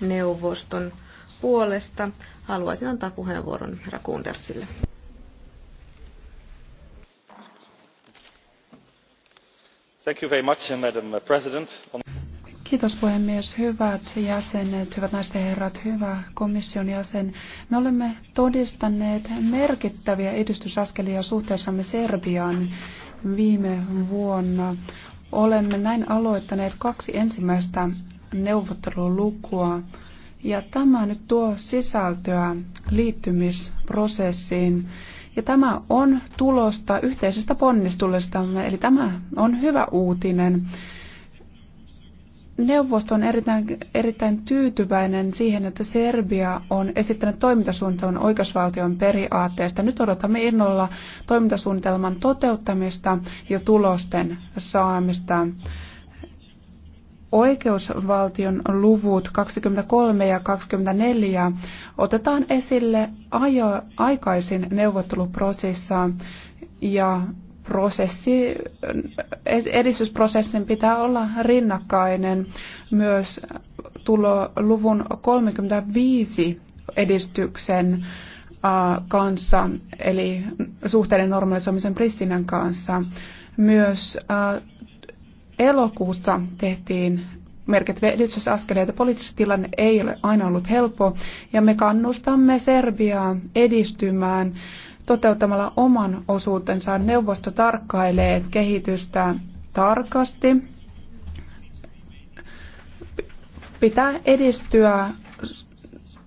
neuvoston puolesta. Haluaisin antaa puheenvuoron herra Kundersille. Thank you very much, Madam President. Kiitos puhemies. Hyvät jäsenet, hyvät naiset ja herrat, hyvä komission jäsen. Me olemme todistaneet merkittäviä edistysaskelia suhteessamme Serbiaan viime vuonna. Olemme näin aloittaneet kaksi ensimmäistä neuvottelulukua. Ja tämä nyt tuo sisältöä liittymisprosessiin. Ja tämä on tulosta yhteisestä ponnistulestamme, eli tämä on hyvä uutinen. Neuvosto on erittäin, erittäin tyytyväinen siihen, että Serbia on esittänyt toimintasuunnitelman oikeusvaltion periaatteesta. Nyt odotamme innolla toimintasuunnitelman toteuttamista ja tulosten saamista oikeusvaltion luvut 23 ja 24 otetaan esille ajo, aikaisin neuvotteluprosessaan ja prosessi, edistysprosessin pitää olla rinnakkainen myös tulo luvun 35 edistyksen kanssa, eli suhteiden normalisoimisen Pristinän kanssa. Myös Elokuussa tehtiin merkittäviä edistysaskeleita. Poliittisesti tilanne ei ole aina ollut helppo ja me kannustamme Serbiaa edistymään toteuttamalla oman osuutensa. Neuvosto tarkkailee kehitystä tarkasti. Pitää edistyä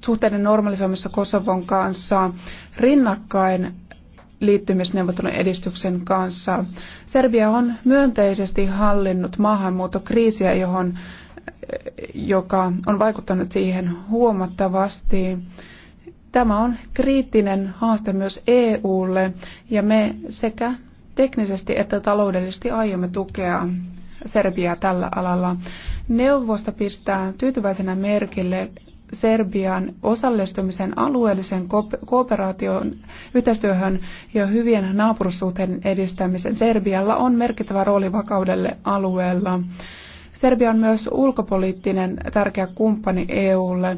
suhteiden normalisoimissa Kosovon kanssa rinnakkain liittymisneuvottelun edistyksen kanssa. Serbia on myönteisesti hallinnut maahanmuuttokriisiä, johon, joka on vaikuttanut siihen huomattavasti. Tämä on kriittinen haaste myös EUlle ja me sekä teknisesti että taloudellisesti aiomme tukea Serbiaa tällä alalla. Neuvosto pistää tyytyväisenä merkille Serbian osallistumisen alueellisen kooperaation yhteistyöhön ja hyvien naapurussuhteiden edistämisen. Serbialla on merkittävä rooli vakaudelle alueella. Serbia on myös ulkopoliittinen tärkeä kumppani EUlle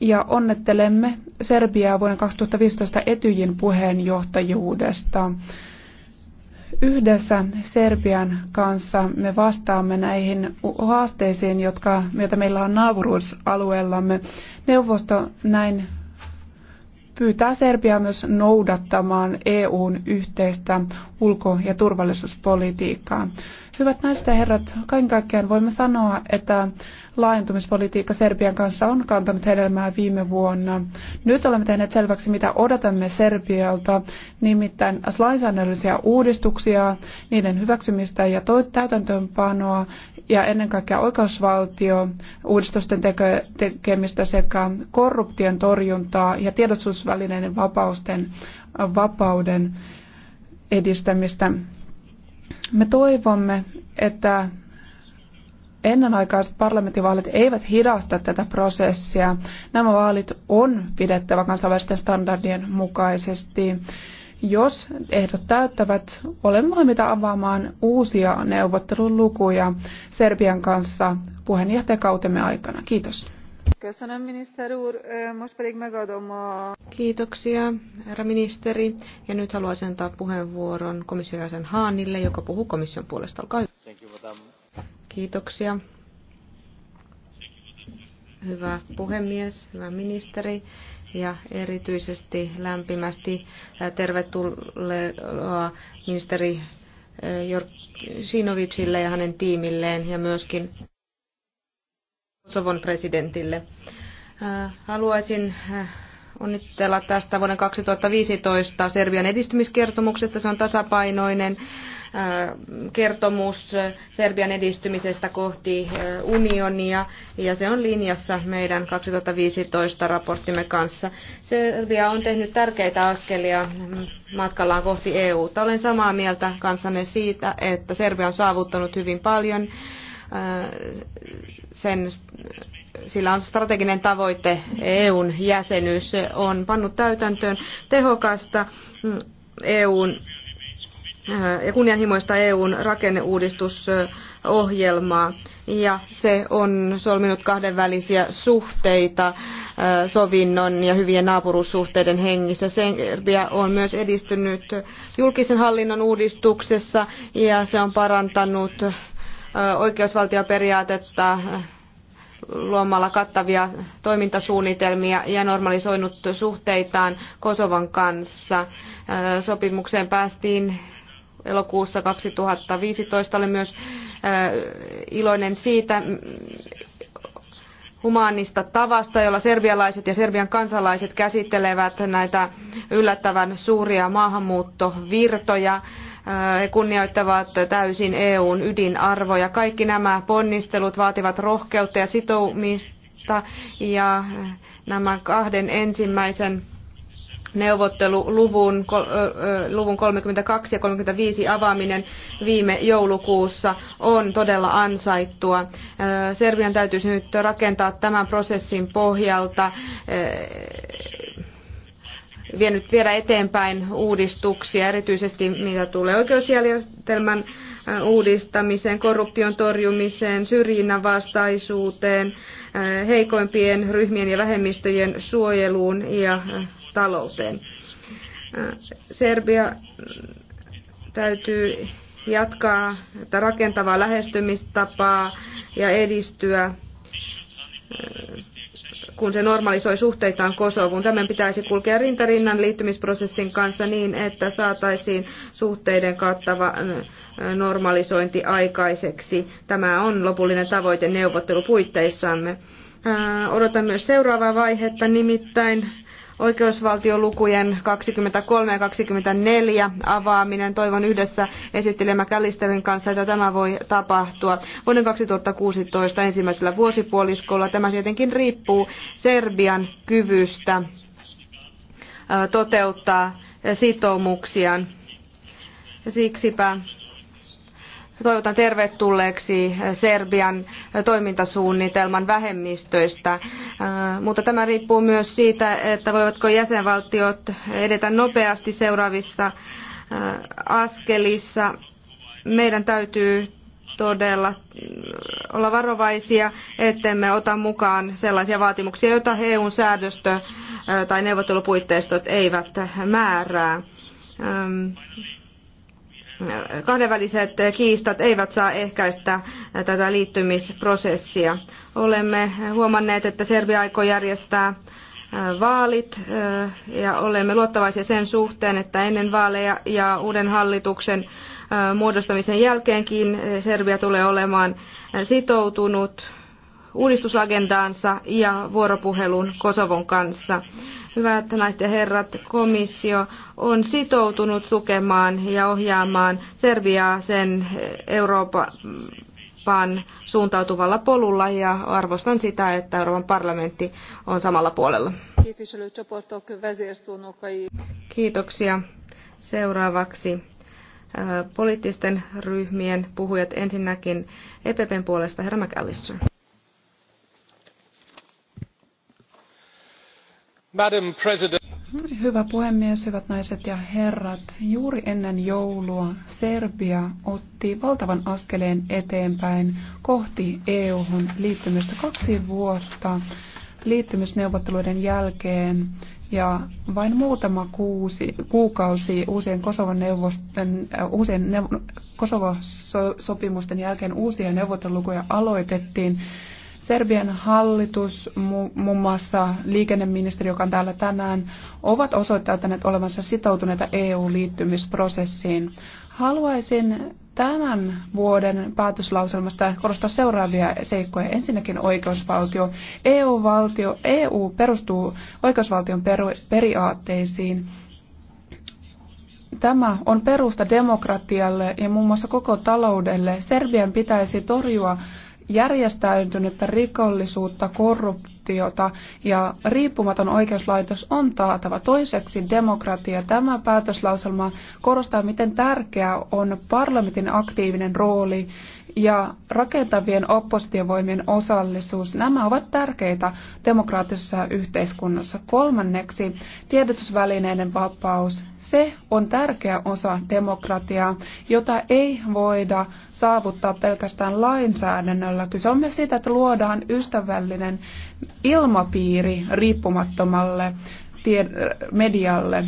ja onnettelemme Serbiaa vuoden 2015 Etyjin puheenjohtajuudesta. Yhdessä Serbian kanssa me vastaamme näihin haasteisiin, jotka, mitä meillä on naapuruusalueellamme. Neuvosto näin pyytää Serbiaa myös noudattamaan EUn yhteistä ulko- ja turvallisuuspolitiikkaa. Hyvät naiset ja herrat, kaiken kaikkiaan voimme sanoa, että laajentumispolitiikka Serbian kanssa on kantanut hedelmää viime vuonna. Nyt olemme tehneet selväksi, mitä odotamme Serbialta, nimittäin lainsäädännöllisiä uudistuksia, niiden hyväksymistä ja täytäntöönpanoa ja ennen kaikkea oikeusvaltio, uudistusten tekemistä sekä korruption torjuntaa ja tiedotusvälineiden vapausten, vapauden edistämistä. Me toivomme, että ennenaikaiset parlamenttivaalit eivät hidasta tätä prosessia. Nämä vaalit on pidettävä kansainvälisten standardien mukaisesti. Jos ehdot täyttävät, olemme valmiita avaamaan uusia neuvottelulukuja Serbian kanssa puheenjohtajakautemme aikana. Kiitos. Kiitoksia, herra ministeri. Ja nyt haluaisin antaa puheenvuoron komission jäsen Haanille, joka puhuu komission puolesta. Olkaa hyvä. Kiitoksia. Hyvä puhemies, hyvä ministeri ja erityisesti lämpimästi tervetuloa ministeri Jork Sinovicille ja hänen tiimilleen ja myöskin Kosovon presidentille. Äh, haluaisin äh, onnitella tästä vuoden 2015 Serbian edistymiskertomuksesta. Se on tasapainoinen äh, kertomus Serbian edistymisestä kohti unionia ja se on linjassa meidän 2015 raporttimme kanssa. Serbia on tehnyt tärkeitä askelia matkallaan kohti EU. Olen samaa mieltä kanssanne siitä, että Serbia on saavuttanut hyvin paljon sen, sillä on strateginen tavoite EUn jäsenyys. Se on pannut täytäntöön tehokasta mm, EUn ja kunnianhimoista EUn rakenneuudistusohjelmaa ja se on solminut kahdenvälisiä suhteita sovinnon ja hyvien naapuruussuhteiden hengissä. Serbia on myös edistynyt julkisen hallinnon uudistuksessa ja se on parantanut oikeusvaltioperiaatetta luomalla kattavia toimintasuunnitelmia ja normalisoinut suhteitaan Kosovan kanssa. Sopimukseen päästiin elokuussa 2015. Olen myös iloinen siitä humaanista tavasta, jolla serbialaiset ja serbian kansalaiset käsittelevät näitä yllättävän suuria maahanmuuttovirtoja he kunnioittavat täysin EUn ydinarvoja. Kaikki nämä ponnistelut vaativat rohkeutta ja sitoumista ja nämä kahden ensimmäisen neuvotteluluvun luvun 32 ja 35 avaaminen viime joulukuussa on todella ansaittua. Serbian täytyisi nyt rakentaa tämän prosessin pohjalta vienyt viedä eteenpäin uudistuksia, erityisesti mitä tulee oikeusjärjestelmän äh, uudistamiseen, korruption torjumiseen, syrjinnän vastaisuuteen, äh, heikoimpien ryhmien ja vähemmistöjen suojeluun ja äh, talouteen. Serbia täytyy jatkaa rakentavaa lähestymistapaa ja edistyä kun se normalisoi suhteitaan Kosovoon. Tämän pitäisi kulkea rintarinnan liittymisprosessin kanssa niin, että saataisiin suhteiden kattava äh, normalisointi aikaiseksi. Tämä on lopullinen tavoite neuvottelupuitteissamme. Äh, odotan myös seuraavaa vaihetta, nimittäin Oikeusvaltiolukujen 23 ja 24 avaaminen. Toivon yhdessä esittelemä Källisterin kanssa, että tämä voi tapahtua vuoden 2016 ensimmäisellä vuosipuoliskolla. Tämä tietenkin riippuu Serbian kyvystä toteuttaa sitoumuksiaan. Siksipä toivotan tervetulleeksi Serbian toimintasuunnitelman vähemmistöistä, äh, mutta tämä riippuu myös siitä, että voivatko jäsenvaltiot edetä nopeasti seuraavissa äh, askelissa. Meidän täytyy todella äh, olla varovaisia, ettemme ota mukaan sellaisia vaatimuksia, joita EUn säädöstö tai neuvottelupuitteistot eivät määrää. Ähm, kahdenväliset kiistat eivät saa ehkäistä tätä liittymisprosessia. Olemme huomanneet, että Serbia aikoo järjestää äh, vaalit äh, ja olemme luottavaisia sen suhteen, että ennen vaaleja ja uuden hallituksen äh, muodostamisen jälkeenkin Serbia tulee olemaan sitoutunut uudistusagendaansa ja vuoropuhelun Kosovon kanssa. Hyvät naiset ja herrat, komissio on sitoutunut tukemaan ja ohjaamaan Serbiaa sen Euroopan suuntautuvalla polulla ja arvostan sitä, että Euroopan parlamentti on samalla puolella. Kiitoksia. Seuraavaksi äh, poliittisten ryhmien puhujat ensinnäkin EPPn puolesta herra McAllister. Madam Hyvä puhemies, hyvät naiset ja herrat. Juuri ennen joulua Serbia otti valtavan askeleen eteenpäin kohti EU-hun liittymistä kaksi vuotta liittymisneuvotteluiden jälkeen ja vain muutama kuusi, kuukausi uusien, Kosovon neuvosten, äh, uusien neuv- Kosovo-sopimusten jälkeen uusia neuvottelukoja aloitettiin Serbian hallitus, muun muassa liikenneministeri, joka on täällä tänään, ovat osoittaneet olevansa sitoutuneita EU-liittymisprosessiin. Haluaisin tämän vuoden päätöslauselmasta korostaa seuraavia seikkoja. Ensinnäkin oikeusvaltio. EU-valtio, EU perustuu oikeusvaltion periaatteisiin. Tämä on perusta demokratialle ja muun muassa koko taloudelle. Serbian pitäisi torjua järjestäytynyttä rikollisuutta, korruptiota ja riippumaton oikeuslaitos on taatava. Toiseksi demokratia. Tämä päätöslauselma korostaa, miten tärkeää on parlamentin aktiivinen rooli ja rakentavien oppositiovoimien osallisuus, nämä ovat tärkeitä demokraattisessa yhteiskunnassa. Kolmanneksi tiedotusvälineiden vapaus, se on tärkeä osa demokratiaa, jota ei voida saavuttaa pelkästään lainsäädännöllä. Kyse on myös siitä, että luodaan ystävällinen ilmapiiri riippumattomalle medialle.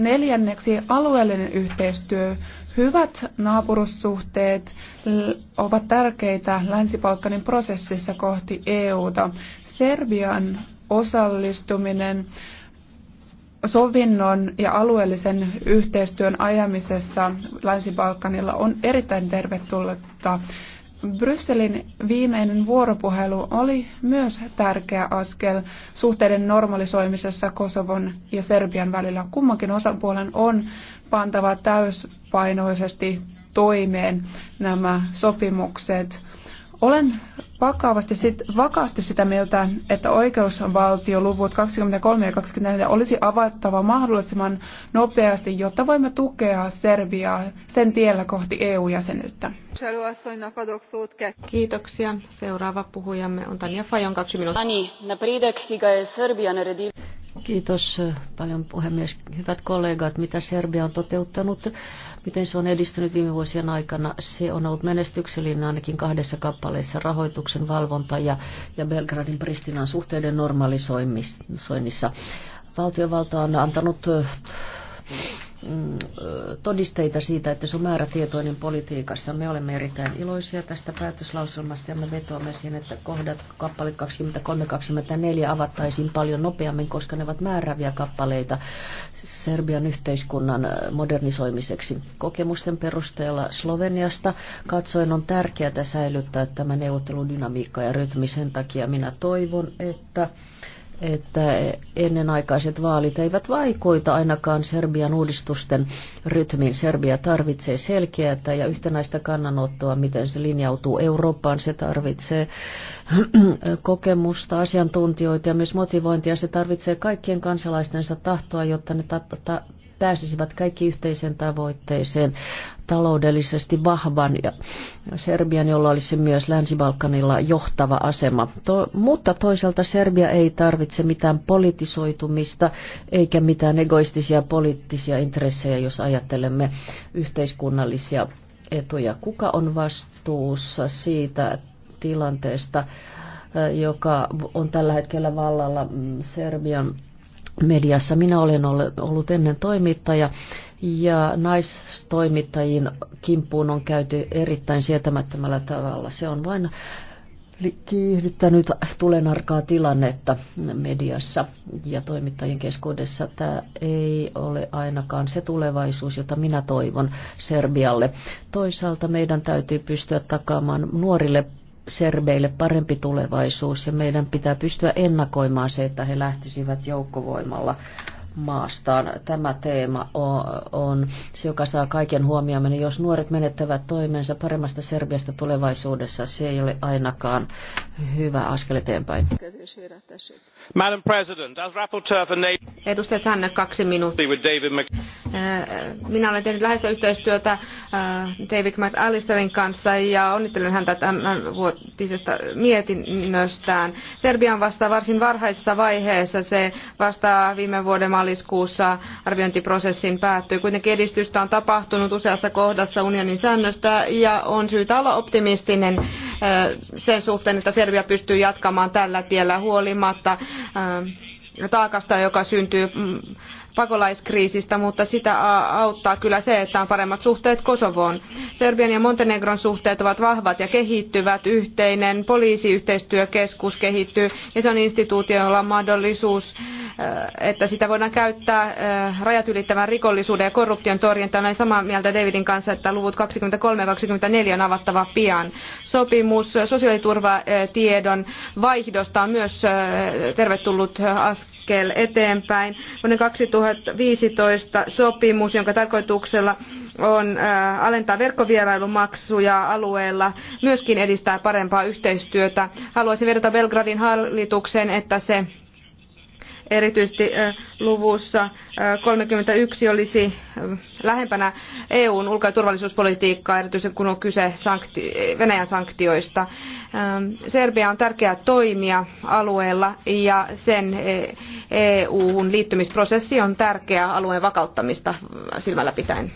Neljänneksi alueellinen yhteistyö. Hyvät naapurussuhteet ovat tärkeitä Länsi-Balkanin prosessissa kohti EUta. Serbian osallistuminen sovinnon ja alueellisen yhteistyön ajamisessa Länsi-Balkanilla on erittäin tervetullutta. Brysselin viimeinen vuoropuhelu oli myös tärkeä askel suhteiden normalisoimisessa Kosovon ja Serbian välillä. Kummankin osapuolen on pantava täyspainoisesti toimeen nämä sopimukset. Olen vakavasti sit, vakaasti sitä mieltä, että luvut 23 ja 24 olisi avattava mahdollisimman nopeasti, jotta voimme tukea Serbiaa sen tiellä kohti EU-jäsenyyttä. Kiitoksia. Seuraava puhujamme on Tania Fajon kaksi minuuttia. Kiitos paljon puhemies. Hyvät kollegat, mitä Serbia on toteuttanut, miten se on edistynyt viime vuosien aikana. Se on ollut menestyksellinen ainakin kahdessa kappaleessa rahoituksen valvonta ja, ja Belgradin Pristinan suhteiden normalisoinnissa. Valtiovalta on antanut Mm, todisteita siitä, että se on määrätietoinen politiikassa. Me olemme erittäin iloisia tästä päätöslauselmasta ja me vetoamme siihen, että kohdat kappale 23-24 avattaisiin paljon nopeammin, koska ne ovat määräviä kappaleita Serbian yhteiskunnan modernisoimiseksi. Kokemusten perusteella Sloveniasta katsoen on tärkeää säilyttää tämä neuvotteludynamiikka ja rytmi. Sen takia minä toivon, että että ennenaikaiset vaalit eivät vaikoita ainakaan Serbian uudistusten rytmiin. Serbia tarvitsee selkeää ja yhtenäistä kannanottoa, miten se linjautuu Eurooppaan. Se tarvitsee kokemusta, asiantuntijoita ja myös motivointia. Se tarvitsee kaikkien kansalaistensa tahtoa, jotta ne ta- ta- pääsisivät kaikki yhteiseen tavoitteeseen taloudellisesti vahvan ja Serbian, jolla olisi myös Länsi-Balkanilla johtava asema. To, mutta toisaalta Serbia ei tarvitse mitään politisoitumista eikä mitään egoistisia poliittisia intressejä, jos ajattelemme yhteiskunnallisia etuja. Kuka on vastuussa siitä tilanteesta, joka on tällä hetkellä vallalla mm, Serbian mediassa. Minä olen ollut ennen toimittaja ja naistoimittajien kimppuun on käyty erittäin sietämättömällä tavalla. Se on vain kiihdyttänyt tulenarkaa tilannetta mediassa ja toimittajien keskuudessa. Tämä ei ole ainakaan se tulevaisuus, jota minä toivon Serbialle. Toisaalta meidän täytyy pystyä takaamaan nuorille serbeille parempi tulevaisuus ja meidän pitää pystyä ennakoimaan se, että he lähtisivät joukkovoimalla maastaan. Tämä teema on, on se, joka saa kaiken huomioon. Niin jos nuoret menettävät toimensa paremmasta Serbiasta tulevaisuudessa, se ei ole ainakaan hyvä askel eteenpäin madam president as rapporteur for Edustaja Tanne, kaksi minuuttia. Äh, minä olen tehnyt läheistä yhteistyötä äh, David McAllisterin kanssa ja onnittelen häntä tämän vuotisesta mietinnöstään. Serbia on vasta varsin varhaisessa vaiheessa. Se vasta viime vuoden maaliskuussa arviointiprosessin päättyi. Kuitenkin edistystä on tapahtunut useassa kohdassa unionin säännöstä ja on syytä olla optimistinen äh, sen suhteen, että Serbia pystyy jatkamaan tällä tiellä huolimatta taakasta, joka syntyy mm, pakolaiskriisistä, mutta sitä auttaa kyllä se, että on paremmat suhteet Kosovoon. Serbian ja Montenegron suhteet ovat vahvat ja kehittyvät. Yhteinen poliisiyhteistyökeskus kehittyy ja se on instituutio, jolla on mahdollisuus äh, että sitä voidaan käyttää äh, rajat ylittävän rikollisuuden ja korruption torjuntaan. Olen samaa mieltä Davidin kanssa, että luvut 23 ja 24 on avattava pian. Sopimus sosiaaliturvatiedon vaihdosta on myös äh, tervetullut askel eteenpäin. Vuoden 2000 2015 sopimus, jonka tarkoituksella on äh, alentaa verkkovierailumaksuja alueella, myöskin edistää parempaa yhteistyötä. Haluaisin vedota Belgradin hallitukseen, että se erityisesti luvussa 31 olisi lähempänä EUn ulko- ja turvallisuuspolitiikkaa, erityisesti kun on kyse sankti- Venäjän sanktioista. Serbia on tärkeä toimija alueella ja sen EUn liittymisprosessi on tärkeä alueen vakauttamista silmällä pitäen.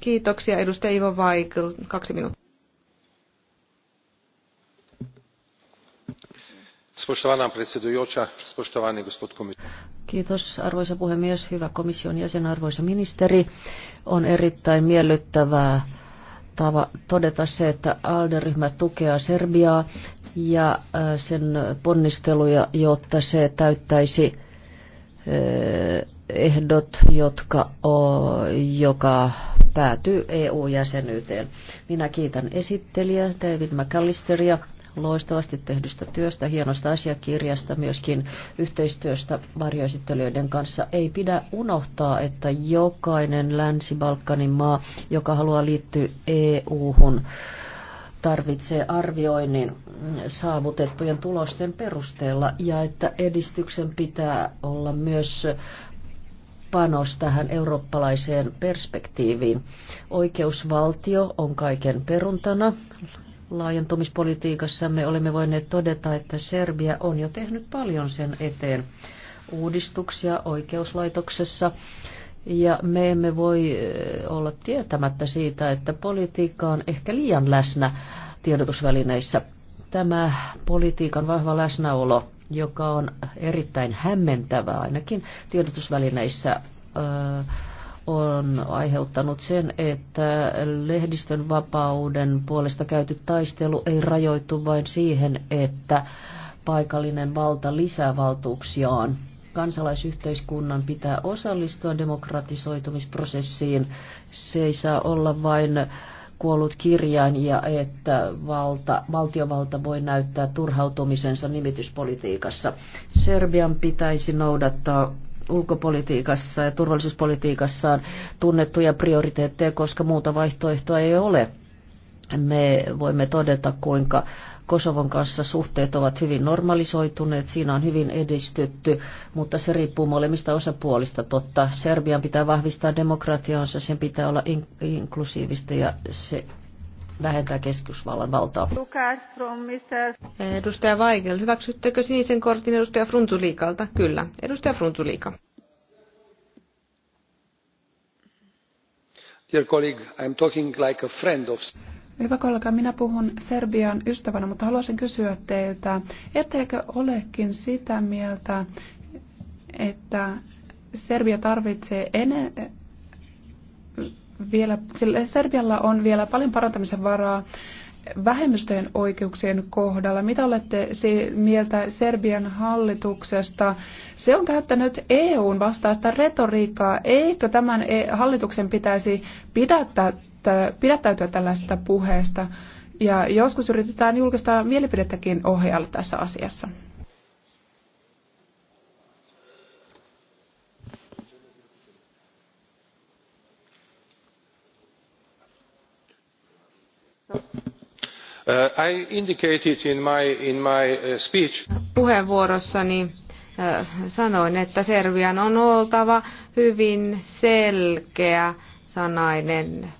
Kiitoksia edustaja Ivo Vaikl, kaksi minuuttia. Kiitos arvoisa puhemies, hyvä komission jäsen, arvoisa ministeri. On erittäin miellyttävää tava, todeta se, että ALDE-ryhmä tukee Serbiaa ja äh, sen ponnisteluja, jotta se täyttäisi äh, ehdot, jotka o, joka päätyy EU-jäsenyyteen. Minä kiitän esittelijä David McAllisteria loistavasti tehdystä työstä, hienosta asiakirjasta, myöskin yhteistyöstä varjoesittelijöiden kanssa. Ei pidä unohtaa, että jokainen Länsi-Balkanin maa, joka haluaa liittyä EU-hun, tarvitsee arvioinnin saavutettujen tulosten perusteella ja että edistyksen pitää olla myös panos tähän eurooppalaiseen perspektiiviin. Oikeusvaltio on kaiken peruntana, laajentumispolitiikassamme olemme voineet todeta, että Serbia on jo tehnyt paljon sen eteen uudistuksia oikeuslaitoksessa. Ja me emme voi eh, olla tietämättä siitä, että politiikka on ehkä liian läsnä tiedotusvälineissä. Tämä politiikan vahva läsnäolo, joka on erittäin hämmentävää ainakin tiedotusvälineissä, öö, on aiheuttanut sen, että lehdistön vapauden puolesta käyty taistelu ei rajoitu vain siihen, että paikallinen valta lisää valtuuksiaan. Kansalaisyhteiskunnan pitää osallistua demokratisoitumisprosessiin. Se ei saa olla vain kuollut kirjain ja että valta, valtiovalta voi näyttää turhautumisensa nimityspolitiikassa. Serbian pitäisi noudattaa ulkopolitiikassa ja turvallisuuspolitiikassaan tunnettuja prioriteetteja, koska muuta vaihtoehtoa ei ole. Me voimme todeta, kuinka Kosovon kanssa suhteet ovat hyvin normalisoituneet, siinä on hyvin edistytty, mutta se riippuu molemmista osapuolista. Totta, Serbian pitää vahvistaa demokratiaansa, sen pitää olla in- inklusiivista ja se vähentää keskusvallan valtaa. Edustaja Weigel, hyväksyttekö sinisen kortin edustaja Fruntuliikalta? Kyllä. Edustaja Fruntuliika. Dear colleague, I'm talking like a friend of... Hyvä kollega, minä puhun Serbian ystävänä, mutta haluaisin kysyä teiltä, etteikö olekin sitä mieltä, että Serbia tarvitsee ene- vielä, sillä Serbialla on vielä paljon parantamisen varaa vähemmistöjen oikeuksien kohdalla. Mitä olette mieltä Serbian hallituksesta? Se on käyttänyt EUn vastaista retoriikkaa. Eikö tämän e- hallituksen pitäisi pidättää, pidättäytyä tällaisesta puheesta? Ja joskus yritetään julkista mielipidettäkin ohjailla tässä asiassa. Uh, uh, Puheenvuorossani uh, sanoin, että Serbian on oltava hyvin selkeä sanainen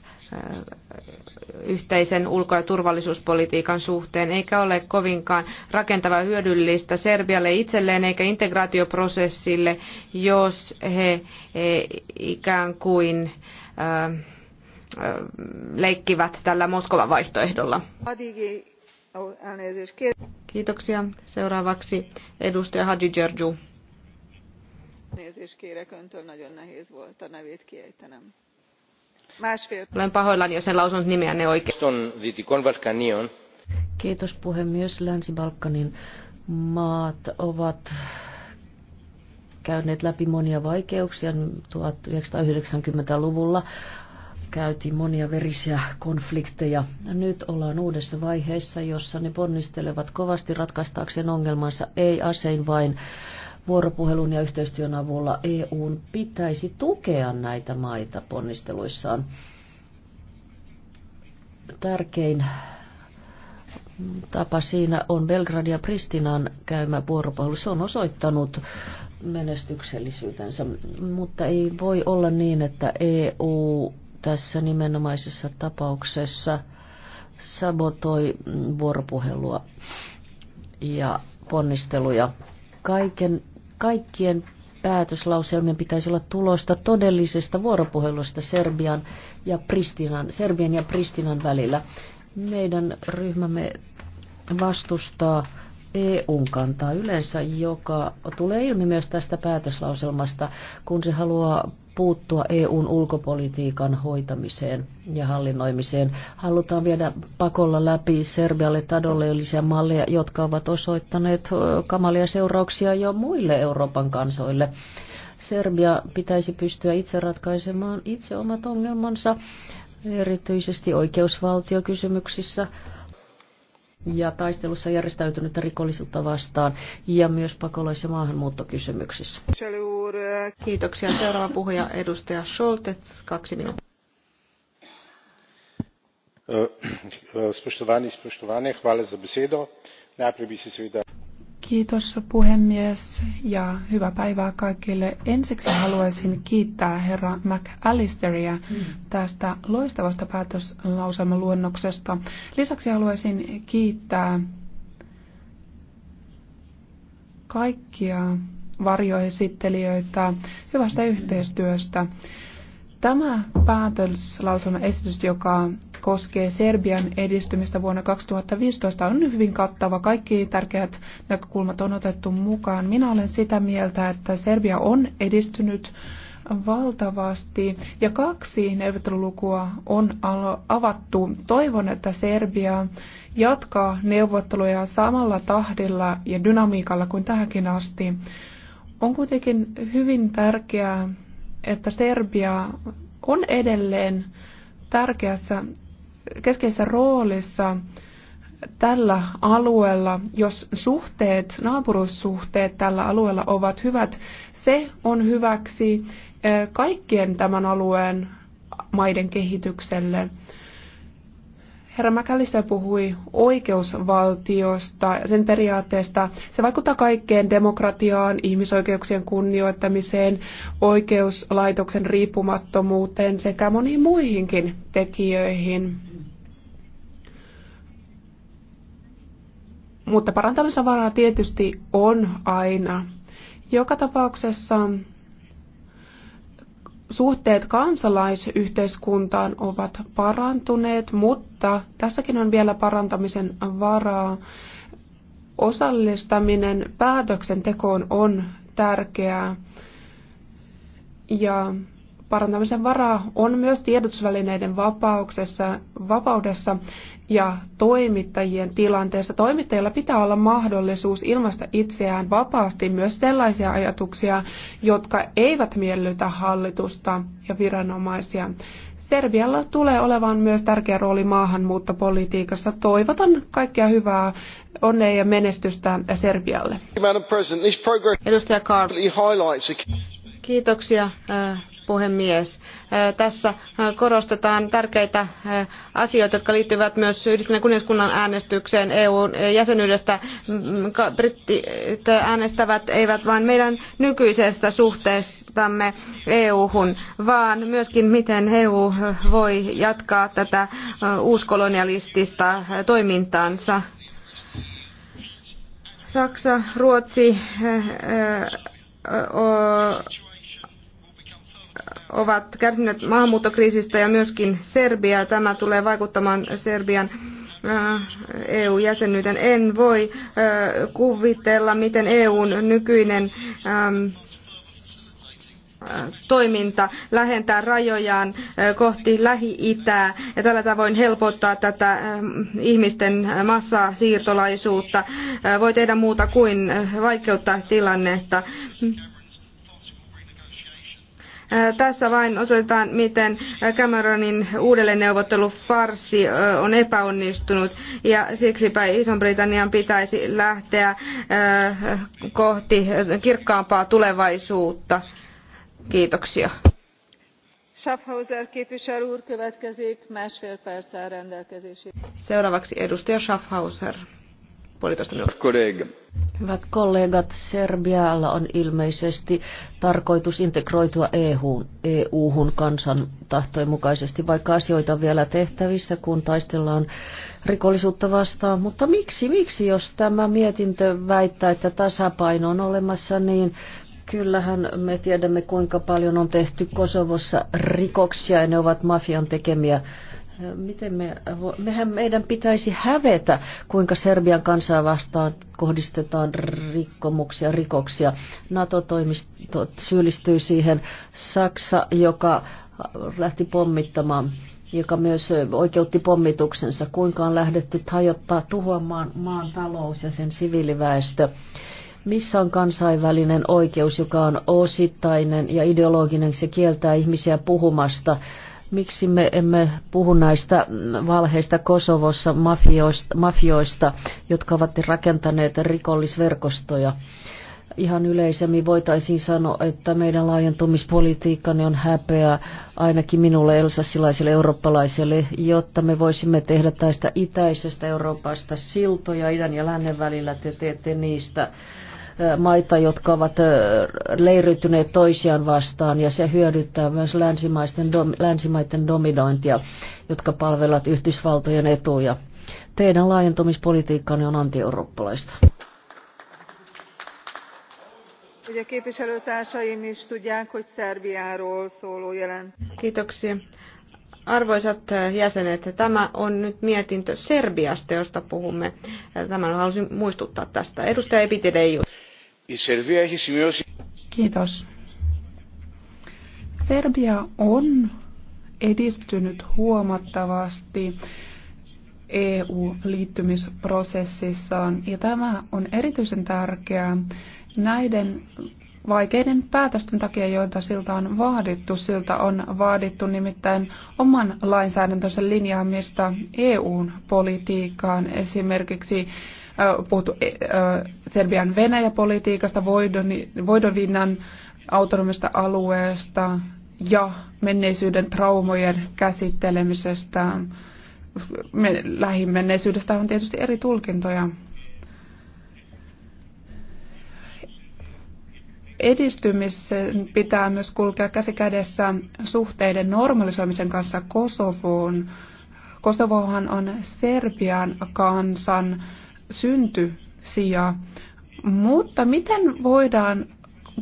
yhteisen ulko- ja turvallisuuspolitiikan suhteen, eikä ole kovinkaan rakentava hyödyllistä Serbialle itselleen eikä integraatioprosessille, jos he eh, ikään kuin leikkivät tällä Moskovan vaihtoehdolla. Kiitoksia. Seuraavaksi edustaja Hadji Gergiu. Olen pahoillani, jos en lausunut nimeänne oikein. Kiitos puhemies. Länsi-Balkanin maat ovat käyneet läpi monia vaikeuksia 1990-luvulla käytiin monia verisiä konflikteja. Nyt ollaan uudessa vaiheessa, jossa ne ponnistelevat kovasti ratkaistaakseen ongelmansa, ei asein vain vuoropuhelun ja yhteistyön avulla EUn pitäisi tukea näitä maita ponnisteluissaan. Tärkein tapa siinä on Belgrad ja Pristinan käymä vuoropuhelu. Se on osoittanut menestyksellisyytensä, mutta ei voi olla niin, että EU tässä nimenomaisessa tapauksessa sabotoi vuoropuhelua ja ponnisteluja. Kaiken, kaikkien päätöslauselmien pitäisi olla tulosta todellisesta vuoropuhelusta Serbian ja Pristinan, Serbian ja Pristinan välillä. Meidän ryhmämme vastustaa EUn kantaa yleensä, joka tulee ilmi myös tästä päätöslauselmasta, kun se haluaa puuttua EUn ulkopolitiikan hoitamiseen ja hallinnoimiseen. Halutaan viedä pakolla läpi Serbialle tadollisia malleja, jotka ovat osoittaneet kamalia seurauksia jo muille Euroopan kansoille. Serbia pitäisi pystyä itse ratkaisemaan itse omat ongelmansa, erityisesti oikeusvaltiokysymyksissä ja taistelussa järjestäytynyttä rikollisuutta vastaan ja myös pakolais- ja maahanmuuttokysymyksissä. Kiitoksia. Seuraava puhuja edustaja Scholtes, kaksi minuuttia. Spoštovani, spoštovane, hvala za besedo. Najprej bi se seveda Kiitos puhemies ja hyvää päivää kaikille. Ensiksi haluaisin kiittää herra McAllisteria tästä loistavasta päätöslauselmaluonnoksesta. Lisäksi haluaisin kiittää kaikkia varjoesittelijöitä hyvästä yhteistyöstä. Tämä päätöslauselmaesitys, joka koskee Serbian edistymistä vuonna 2015 on hyvin kattava. Kaikki tärkeät näkökulmat on otettu mukaan. Minä olen sitä mieltä, että Serbia on edistynyt valtavasti ja kaksi neuvottelulukua on avattu. Toivon, että Serbia jatkaa neuvotteluja samalla tahdilla ja dynamiikalla kuin tähänkin asti. On kuitenkin hyvin tärkeää, että Serbia on edelleen tärkeässä keskeisessä roolissa tällä alueella, jos suhteet, naapurussuhteet tällä alueella ovat hyvät, se on hyväksi eh, kaikkien tämän alueen maiden kehitykselle. Herra Mäkälissä puhui oikeusvaltiosta ja sen periaatteesta. Se vaikuttaa kaikkeen demokratiaan, ihmisoikeuksien kunnioittamiseen, oikeuslaitoksen riippumattomuuteen sekä moniin muihinkin tekijöihin. mutta parantamisen varaa tietysti on aina. Joka tapauksessa suhteet kansalaisyhteiskuntaan ovat parantuneet, mutta tässäkin on vielä parantamisen varaa. Osallistaminen päätöksentekoon on tärkeää ja parantamisen varaa on myös tiedotusvälineiden vapauksessa, vapaudessa ja toimittajien tilanteessa. Toimittajilla pitää olla mahdollisuus ilmaista itseään vapaasti myös sellaisia ajatuksia, jotka eivät miellytä hallitusta ja viranomaisia. Serbialla tulee olevan myös tärkeä rooli maahanmuuttopolitiikassa. Toivotan kaikkea hyvää onnea ja menestystä Serbialle. Edustaja Carl. Kiitoksia äh, puhemies. Tässä korostetaan tärkeitä asioita, jotka liittyvät myös yhdistyneen kuningaskunnan äänestykseen EU-jäsenyydestä. Britit äänestävät eivät vain meidän nykyisestä suhteestamme EU-hun, vaan myöskin miten EU voi jatkaa tätä uuskolonialistista toimintaansa. Saksa, Ruotsi, ovat kärsineet maahanmuuttokriisistä ja myöskin Serbia. Tämä tulee vaikuttamaan Serbian äh, EU-jäsenyyden. En voi äh, kuvitella, miten EUn nykyinen ähm, äh, toiminta lähentää rajojaan kohti Lähi-Itää ja tällä tavoin helpottaa tätä ihmisten massasiirtolaisuutta. Voi tehdä muuta kuin vaikeuttaa tilannetta. Tässä vain osoitetaan, miten Cameronin Farsi on epäonnistunut ja siksipä Ison-Britannian pitäisi lähteä kohti kirkkaampaa tulevaisuutta. Kiitoksia. Schaffhauser képviselő úr következik, Seuraavaksi edustaja Schaffhauser puolitoista minuuttia. Hyvät kollegat, Serbialla on ilmeisesti tarkoitus integroitua EU-hun, e EU-hun kansan tahtojen mukaisesti, vaikka asioita on vielä tehtävissä, kun taistellaan rikollisuutta vastaan. Mutta miksi, miksi, jos tämä mietintö väittää, että tasapaino on olemassa, niin Kyllähän me tiedämme, kuinka paljon on tehty Kosovossa rikoksia ja ne ovat mafian tekemiä Miten me, mehän meidän pitäisi hävetä, kuinka Serbian kansaa vastaan kohdistetaan rikkomuksia, rikoksia. NATO toimisto syyllistyy siihen. Saksa, joka lähti pommittamaan joka myös oikeutti pommituksensa, kuinka on lähdetty hajottaa tuhoamaan maan talous ja sen siviiliväestö. Missä on kansainvälinen oikeus, joka on osittainen ja ideologinen, se kieltää ihmisiä puhumasta Miksi me emme puhu näistä valheista Kosovossa mafioista, mafioista jotka ovat rakentaneet rikollisverkostoja? Ihan yleisemmin voitaisiin sanoa, että meidän laajentumispolitiikkamme on häpeä ainakin minulle elsassilaiselle eurooppalaiselle, jotta me voisimme tehdä tästä itäisestä Euroopasta siltoja idän ja lännen välillä, te teette niistä maita, jotka ovat leiriytyneet toisiaan vastaan ja se hyödyttää myös länsimaisten, dom, länsimaiden dominointia, jotka palvelevat Yhdysvaltojen etuja. Teidän laajentumispolitiikkanne on antieurooppalaista. Ugye Kiitoksia. Arvoisat jäsenet, tämä on nyt mietintö Serbiasta, josta puhumme. Tämän halusin muistuttaa tästä. Edustaja Epitideiu. Kiitos. Serbia on edistynyt huomattavasti EU-liittymisprosessissaan, ja tämä on erityisen tärkeää näiden vaikeiden päätösten takia, joita siltä on vaadittu. Siltä on vaadittu nimittäin oman lainsäädäntönsä linjaamista EU-politiikkaan. Esimerkiksi puhuttu Serbian Venäjä-politiikasta, Voidovinnan autonomista alueesta ja menneisyyden traumojen käsittelemisestä. Lähimenneisyydestä on tietysti eri tulkintoja. edistymisen pitää myös kulkea käsi kädessä suhteiden normalisoimisen kanssa Kosovoon. Kosovohan on Serbian kansan syntysija. Mutta miten voidaan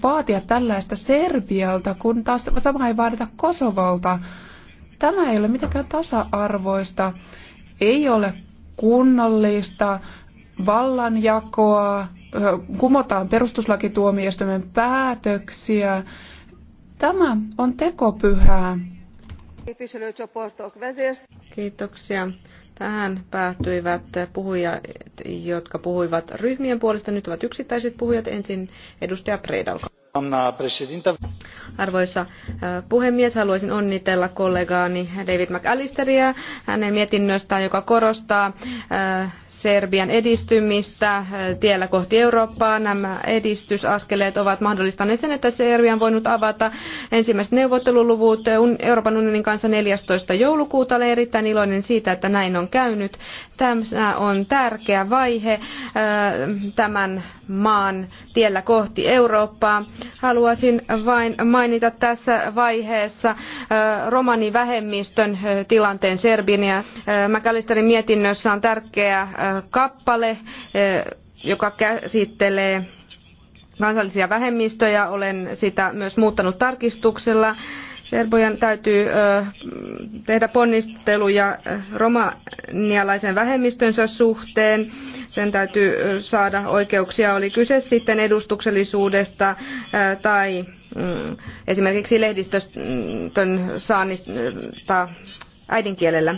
vaatia tällaista Serbialta, kun taas sama ei vaadita Kosovolta? Tämä ei ole mitenkään tasa-arvoista, ei ole kunnollista vallanjakoa, kumotaan perustuslakituomioistuimen päätöksiä. Tämä on tekopyhää. Kiitoksia. Tähän päättyivät puhujat, jotka puhuivat ryhmien puolesta. Nyt ovat yksittäiset puhujat. Ensin edustaja Predalka. Arvoisa puhemies, haluaisin onnitella kollegaani David McAllisteria hänen mietinnöstään, joka korostaa Serbian edistymistä tiellä kohti Eurooppaa. Nämä edistysaskeleet ovat mahdollistaneet sen, että Serbia on voinut avata ensimmäiset neuvotteluluvut Euroopan unionin kanssa 14. joulukuuta. Olen erittäin iloinen siitä, että näin on käynyt. Tämä on tärkeä vaihe tämän maan tiellä kohti Eurooppaa Haluaisin vain mainita tässä vaiheessa romanivähemmistön tilanteen Serbinia. McAllisterin mietinnössä on tärkeä kappale, joka käsittelee kansallisia vähemmistöjä. Olen sitä myös muuttanut tarkistuksella. Serbojan täytyy tehdä ponnisteluja romanialaisen vähemmistönsä suhteen sen täytyy saada oikeuksia, oli kyse sitten edustuksellisuudesta tai mm, esimerkiksi lehdistön saannista äidinkielellä.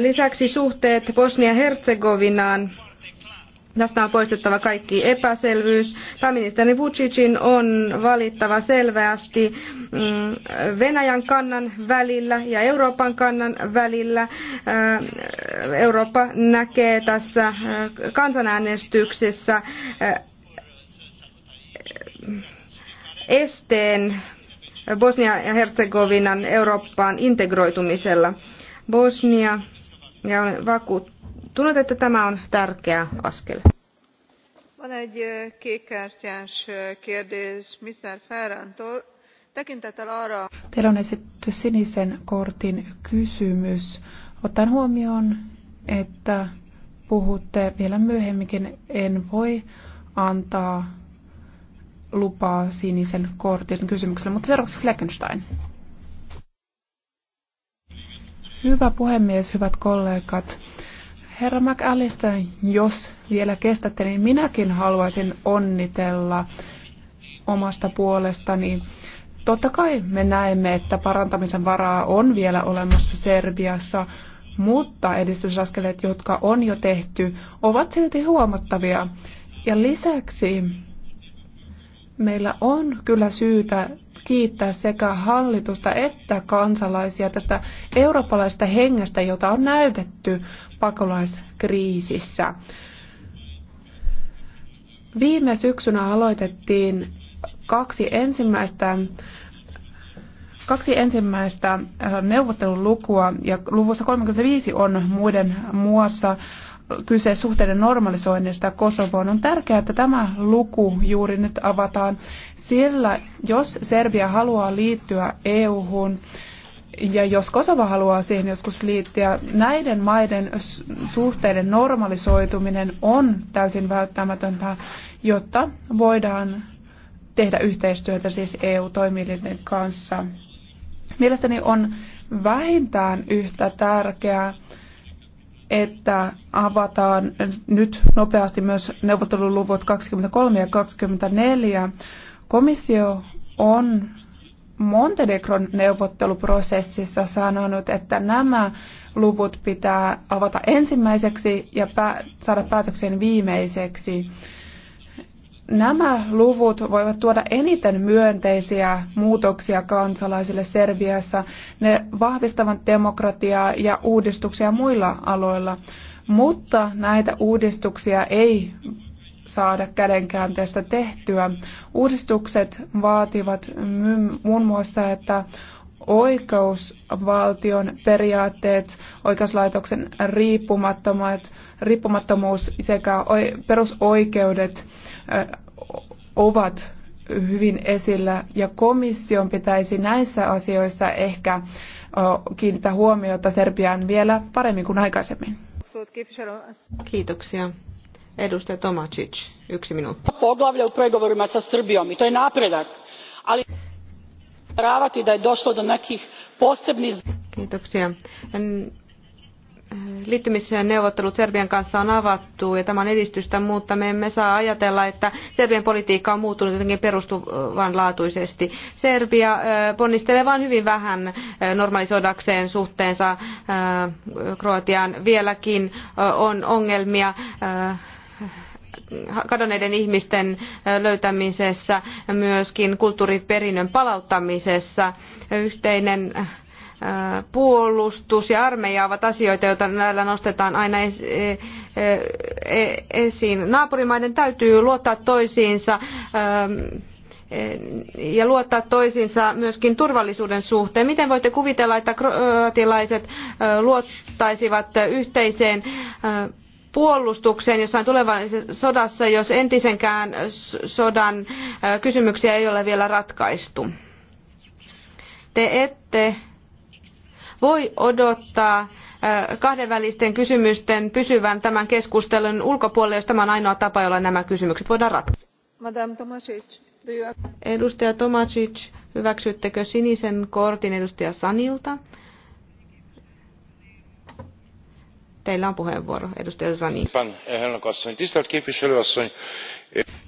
Lisäksi suhteet Bosnia-Herzegovinaan Tästä on poistettava kaikki epäselvyys. Pääministeri Vucicin on valittava selvästi mm, Venäjän kannan välillä ja Euroopan kannan välillä. Eurooppa näkee tässä kansanäänestyksessä esteen Bosnia ja Herzegovinan Eurooppaan integroitumisella. Bosnia, ja olen vakuuttunut, tuntunut, että tämä on tärkeä askel. Van egy kékkártyás kérdés Mr. Ferrantól. arra... Teillä on esitetty sinisen kortin kysymys. Otan huomioon, että puhutte vielä myöhemminkin, en voi antaa lupaa sinisen kortin kysymykselle, mutta seuraavaksi Fleckenstein. Hyvä puhemies, hyvät kollegat. Herra McAllister, jos vielä kestätte, niin minäkin haluaisin onnitella omasta puolestani. Totta kai me näemme, että parantamisen varaa on vielä olemassa Serbiassa, mutta edistysaskeleet, jotka on jo tehty, ovat silti huomattavia. Ja lisäksi meillä on kyllä syytä kiittää sekä hallitusta että kansalaisia tästä eurooppalaisesta hengestä, jota on näytetty pakolaiskriisissä. Viime syksynä aloitettiin kaksi ensimmäistä kaksi ensimmäistä äh, neuvottelulukua ja luvussa 35 on muiden muassa kyse suhteiden normalisoinnista Kosovoon. On tärkeää, että tämä luku juuri nyt avataan, sillä jos Serbia haluaa liittyä EU-hun, ja jos Kosova haluaa siihen joskus liittyä, näiden maiden suhteiden normalisoituminen on täysin välttämätöntä, jotta voidaan tehdä yhteistyötä siis EU-toimijoiden kanssa. Mielestäni on vähintään yhtä tärkeää, että avataan nyt nopeasti myös neuvotteluluvut 23 ja 24. Komissio on Montenegron neuvotteluprosessissa sanonut, että nämä luvut pitää avata ensimmäiseksi ja saada päätökseen viimeiseksi. Nämä luvut voivat tuoda eniten myönteisiä muutoksia kansalaisille Serbiassa. Ne vahvistavat demokratiaa ja uudistuksia muilla aloilla, mutta näitä uudistuksia ei saada kädenkäänteestä tehtyä. Uudistukset vaativat muun muassa, että oikeusvaltion periaatteet, oikeuslaitoksen riippumattomuus sekä perusoikeudet ovat hyvin esillä ja komission pitäisi näissä asioissa ehkä kiinnittää huomiota Serbiaan vielä paremmin kuin aikaisemmin. Kiitoksia. Edustaja Tomacic, yksi minuutti. Poglavlja u pregovorima sa Srbijom i to je napredak, ali da je došlo do nekih posebnih... Kiitoksia liittymisen neuvottelut Serbian kanssa on avattu ja tämä on edistystä, mutta me emme saa ajatella, että Serbian politiikka on muuttunut jotenkin perustuvanlaatuisesti. Serbia ponnistelee vain hyvin vähän normalisoidakseen suhteensa Kroatiaan. Vieläkin on ongelmia kadonneiden ihmisten löytämisessä, myöskin kulttuuriperinnön palauttamisessa. Yhteinen puolustus ja armeija ovat asioita, joita näillä nostetaan aina e, e, e, esiin. Naapurimaiden täytyy luottaa toisiinsa ja luottaa toisiinsa myöskin turvallisuuden suhteen. Miten voitte kuvitella, että kroatilaiset luottaisivat yhteiseen puolustukseen jossain tulevaisessa sodassa, jos entisenkään sodan kysymyksiä ei ole vielä ratkaistu? Te ette voi odottaa kahdenvälisten kysymysten pysyvän tämän keskustelun ulkopuolelle, jos tämä on ainoa tapa, jolla nämä kysymykset voidaan ratkaista. Edustaja Tomacic, hyväksyttekö sinisen kortin edustaja Sanilta? Teillä on puheenvuoro, edustaja Sani.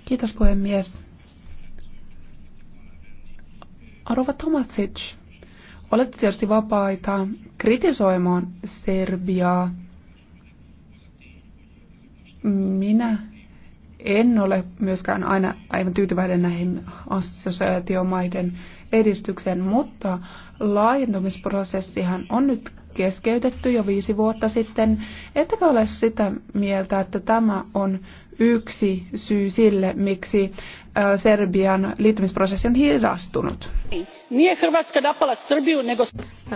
Kiitos puhemies. Arova Tomasic, Olette tietysti vapaita kritisoimaan Serbiaa. Minä en ole myöskään aina aivan tyytyväinen näihin assosiaatiomaiden edistykseen, mutta laajentumisprosessihan on nyt keskeytetty jo viisi vuotta sitten. Ettekö ole sitä mieltä, että tämä on yksi syy sille, miksi Serbian liittymisprosessi on hidastunut. Nije Hrvatska napala Srbiju, nego...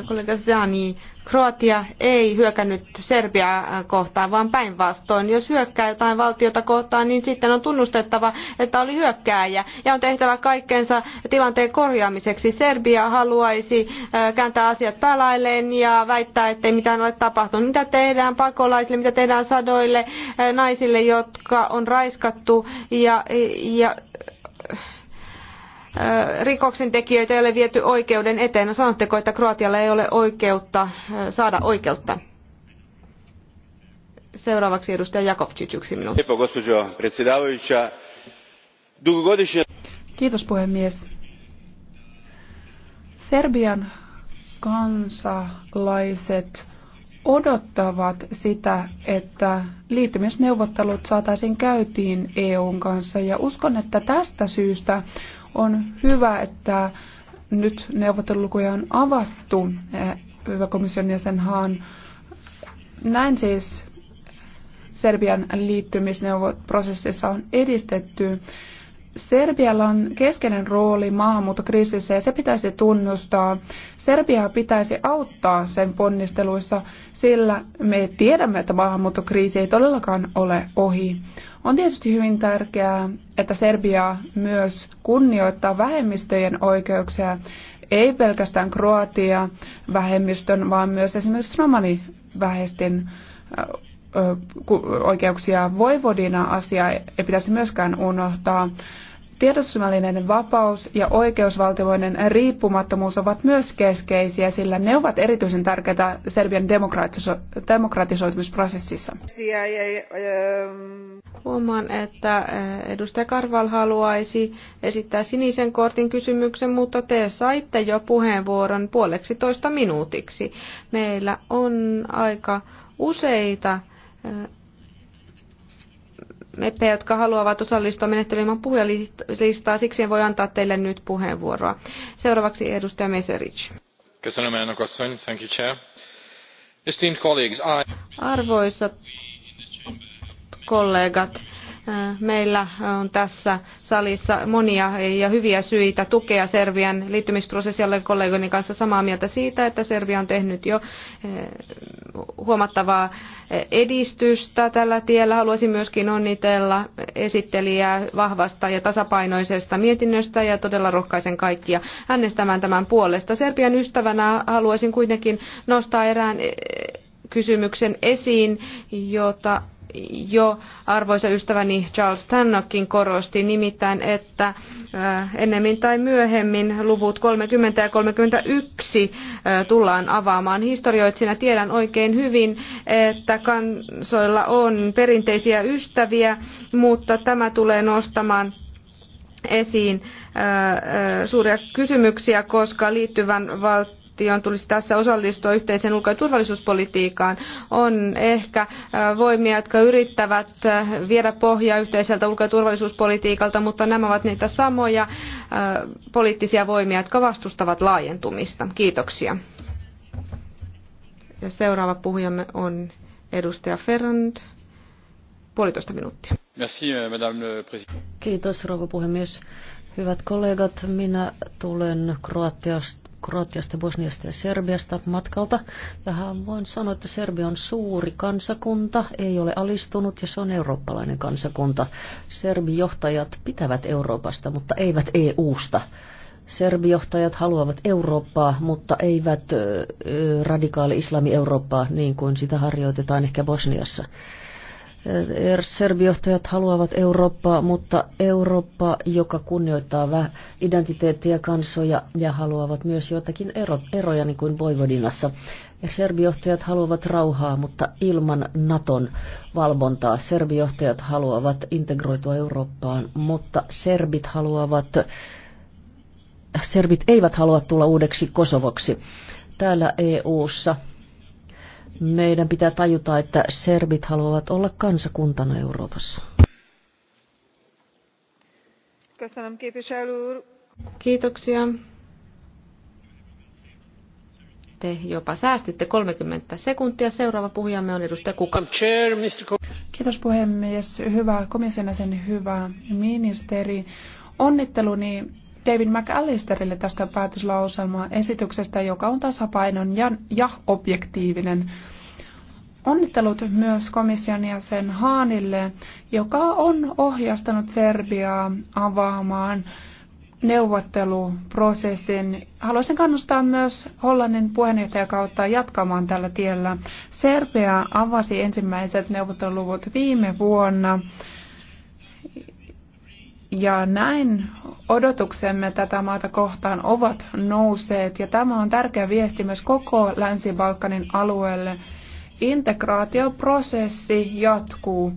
Kollega Zani, Kroatia ei hyökännyt Serbiaa kohtaan, vaan päinvastoin. Jos hyökkää jotain valtiota kohtaan, niin sitten on tunnustettava, että oli hyökkääjä ja on tehtävä kaikkensa tilanteen korjaamiseksi. Serbia haluaisi kääntää asiat päälailleen ja väittää, ettei mitään ole tapahtunut. Mitä tehdään pakolaisille, mitä tehdään sadoille naisille, jotka on raiskattu ja, ja rikoksentekijöitä ei ole viety oikeuden eteen. No, sanotteko, että Kroatialla ei ole oikeutta saada oikeutta? Seuraavaksi edustaja Jakovčić yksi minuutti. Kiitos puhemies. Serbian kansalaiset odottavat sitä, että liittymisneuvottelut saataisiin käytiin EUn kanssa ja uskon, että tästä syystä on hyvä, että nyt neuvottelulukuja on avattu, eh, hyvä komission jäsen Haan. Näin siis Serbian prosessissa on edistetty Serbialla on keskeinen rooli maahanmuuttokriisissä ja se pitäisi tunnustaa. Serbiaa pitäisi auttaa sen ponnisteluissa, sillä me tiedämme, että maahanmuuttokriisi ei todellakaan ole ohi. On tietysti hyvin tärkeää, että Serbia myös kunnioittaa vähemmistöjen oikeuksia, ei pelkästään Kroatia vähemmistön, vaan myös esimerkiksi vähestin oikeuksia. Voivodina asia ei pitäisi myöskään unohtaa. Tiedotusvälineiden vapaus ja oikeusvaltioiden riippumattomuus ovat myös keskeisiä, sillä ne ovat erityisen tärkeitä Serbian demokratiso- demokratisoitumisprosessissa. Huomaan, että eh, edustaja Karval haluaisi esittää sinisen kortin kysymyksen, mutta te saitte jo puheenvuoron puoleksi toista minuutiksi. Meillä on aika useita eh, meppejä, jotka haluavat osallistua menettelemään puhujalistaa, siksi en voi antaa teille nyt puheenvuoroa. Seuraavaksi edustaja Meseric. Arvoisat kollegat, Meillä on tässä salissa monia ja hyviä syitä tukea Serbian liittymisprosessia. Olen kollegoni kanssa samaa mieltä siitä, että Serbia on tehnyt jo huomattavaa edistystä tällä tiellä. Haluaisin myöskin onnitella esittelijää vahvasta ja tasapainoisesta mietinnöstä ja todella rohkaisen kaikkia äänestämään tämän puolesta. Serbian ystävänä haluaisin kuitenkin nostaa erään kysymyksen esiin, jota jo arvoisa ystäväni Charles Tannockin korosti, nimittäin, että äh, ennemmin tai myöhemmin luvut 30 ja 31 äh, tullaan avaamaan. Historioitsijana tiedän oikein hyvin, että kansoilla on perinteisiä ystäviä, mutta tämä tulee nostamaan esiin äh, suuria kysymyksiä, koska liittyvän valtion valtion tulisi tässä osallistua yhteiseen ulko- ja turvallisuuspolitiikkaan. On ehkä äh, voimia, jotka yrittävät äh, viedä pohjaa yhteiseltä ulko- ja turvallisuuspolitiikalta, mutta nämä ovat niitä samoja äh, poliittisia voimia, jotka vastustavat laajentumista. Kiitoksia. Ja seuraava puhujamme on edustaja Ferrand, puolitoista minuuttia. Merci, euh, madame Kiitos, rouva puhemies. Hyvät kollegat, minä tulen Kroatiasta Kroatiasta, Bosniasta ja Serbiasta matkalta. Ja hän voin sanoa, että Serbia on suuri kansakunta, ei ole alistunut ja se on eurooppalainen kansakunta. Serbijohtajat pitävät Euroopasta, mutta eivät EU-sta. Serbijohtajat haluavat Eurooppaa, mutta eivät radikaali islami Eurooppaa niin kuin sitä harjoitetaan ehkä Bosniassa. Er Serbijohtajat haluavat Eurooppaa, mutta Eurooppa, joka kunnioittaa identiteettiä kansoja ja haluavat myös joitakin ero, eroja, niin kuin Voivodinassa. Serbijohtajat haluavat rauhaa, mutta ilman Naton valvontaa. Serbijohtajat haluavat integroitua Eurooppaan, mutta serbit haluavat, serbit eivät halua tulla uudeksi Kosovoksi. Täällä EU:ssa meidän pitää tajuta, että serbit haluavat olla kansakuntana Euroopassa. Kiitoksia. Te jopa säästitte 30 sekuntia. Seuraava puhujamme on edustaja Kuka. Kiitos puhemies. Hyvä komission sen hyvä ministeri. Onnitteluni David McAllisterille tästä päätöslauselmaa esityksestä, joka on tasapainon ja, ja objektiivinen. Onnittelut myös komission jäsen Haanille, joka on ohjastanut Serbiaa avaamaan neuvotteluprosessin. Haluaisin kannustaa myös Hollannin puheenjohtajakautta jatkamaan tällä tiellä. Serbia avasi ensimmäiset neuvotteluluvut viime vuonna ja näin odotuksemme tätä maata kohtaan ovat nousseet, ja tämä on tärkeä viesti myös koko Länsi-Balkanin alueelle. Integraatioprosessi jatkuu.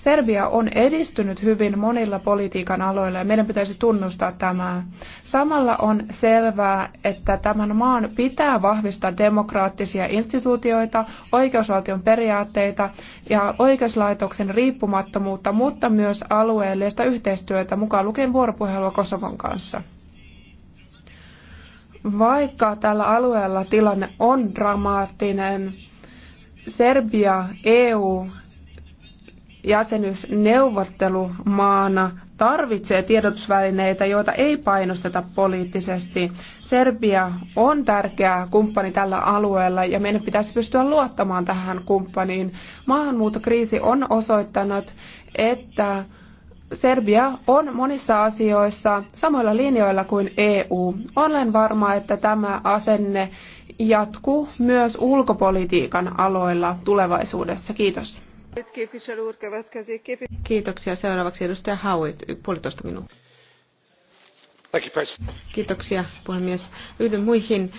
Serbia on edistynyt hyvin monilla politiikan aloilla ja meidän pitäisi tunnustaa tämä. Samalla on selvää, että tämän maan pitää vahvistaa demokraattisia instituutioita, oikeusvaltion periaatteita ja oikeuslaitoksen riippumattomuutta, mutta myös alueellista yhteistyötä mukaan lukien vuoropuhelua Kosovon kanssa. Vaikka tällä alueella tilanne on dramaattinen, Serbia, EU jäsenyysneuvottelumaana tarvitsee tiedotusvälineitä, joita ei painosteta poliittisesti. Serbia on tärkeä kumppani tällä alueella ja meidän pitäisi pystyä luottamaan tähän kumppaniin. Maahanmuuttokriisi on osoittanut, että Serbia on monissa asioissa samoilla linjoilla kuin EU. Olen varma, että tämä asenne jatkuu myös ulkopolitiikan aloilla tulevaisuudessa. Kiitos. Kiitoksia. Seuraavaksi edustaja Howitt, viisi minuuttia. Kiitoksia puhemies. Yhdyn muihin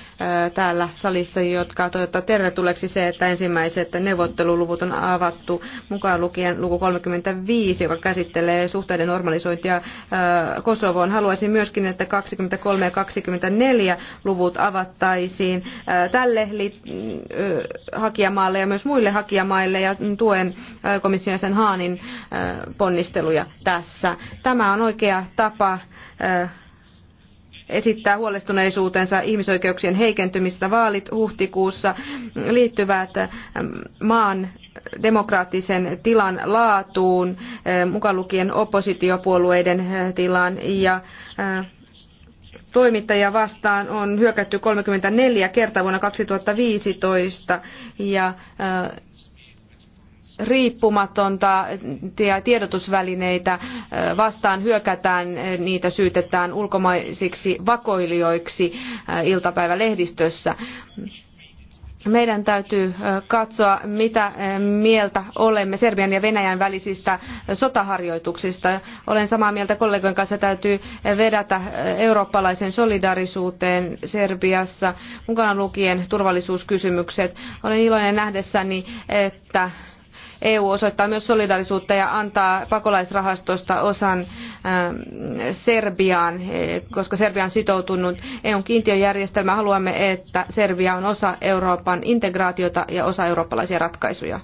täällä salissa, jotka toivottavat tervetulleeksi se, että ensimmäiset neuvotteluluvut on avattu mukaan lukien luku 35, joka käsittelee suhteiden normalisointia Kosovoon. Haluaisin myöskin, että 23 ja 24 luvut avattaisiin tälle hakijamaalle ja myös muille hakijamaille ja tuen komission sen Haanin ponnisteluja tässä. Tämä on oikea tapa esittää huolestuneisuutensa ihmisoikeuksien heikentymistä. Vaalit huhtikuussa liittyvät ähm, maan demokraattisen tilan laatuun, äh, mukaan lukien oppositiopuolueiden äh, tilaan ja äh, toimittajia vastaan on hyökätty 34 kertaa vuonna 2015 ja riippumatonta tiedotusvälineitä vastaan hyökätään, niitä syytetään ulkomaisiksi vakoilijoiksi iltapäivälehdistössä. Meidän täytyy katsoa, mitä mieltä olemme Serbian ja Venäjän välisistä sotaharjoituksista. Olen samaa mieltä kollegojen kanssa, täytyy vedätä eurooppalaisen solidaarisuuteen Serbiassa, mukana lukien turvallisuuskysymykset. Olen iloinen nähdessäni, että EU osoittaa myös solidaarisuutta ja antaa pakolaisrahastosta osan ähm, Serbiaan, eh, koska Serbia on sitoutunut EUn kiintiöjärjestelmään. Haluamme, että Serbia on osa Euroopan integraatiota ja osa eurooppalaisia ratkaisuja.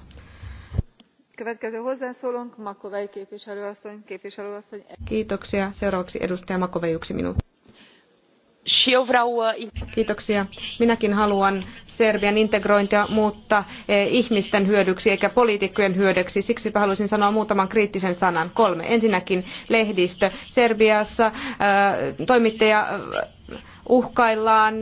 Kiitoksia. Seuraavaksi edustaja Makovei yksi minuutti. Uh, Kiitoksia. Minäkin haluan Serbian integrointia, mutta e, ihmisten hyödyksi eikä poliitikkojen hyödyksi. Siksi haluaisin sanoa muutaman kriittisen sanan. Kolme. Ensinnäkin lehdistö. Serbiassa e, toimittaja e, uhkaillaan,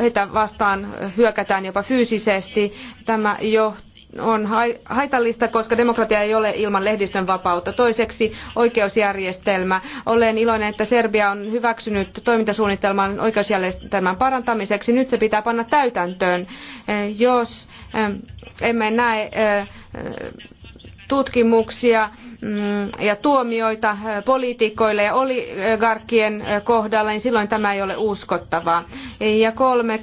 heitä vastaan hyökätään jopa fyysisesti. Tämä johtaa on haitallista, koska demokratia ei ole ilman lehdistön vapautta. Toiseksi oikeusjärjestelmä. Olen iloinen, että Serbia on hyväksynyt toimintasuunnitelman oikeusjärjestelmän parantamiseksi. Nyt se pitää panna täytäntöön. Eh, jos emme näe eh, tutkimuksia mm, ja tuomioita eh, poliitikoille ja oligarkkien kohdalla, niin silloin tämä ei ole uskottavaa. Ja kolme,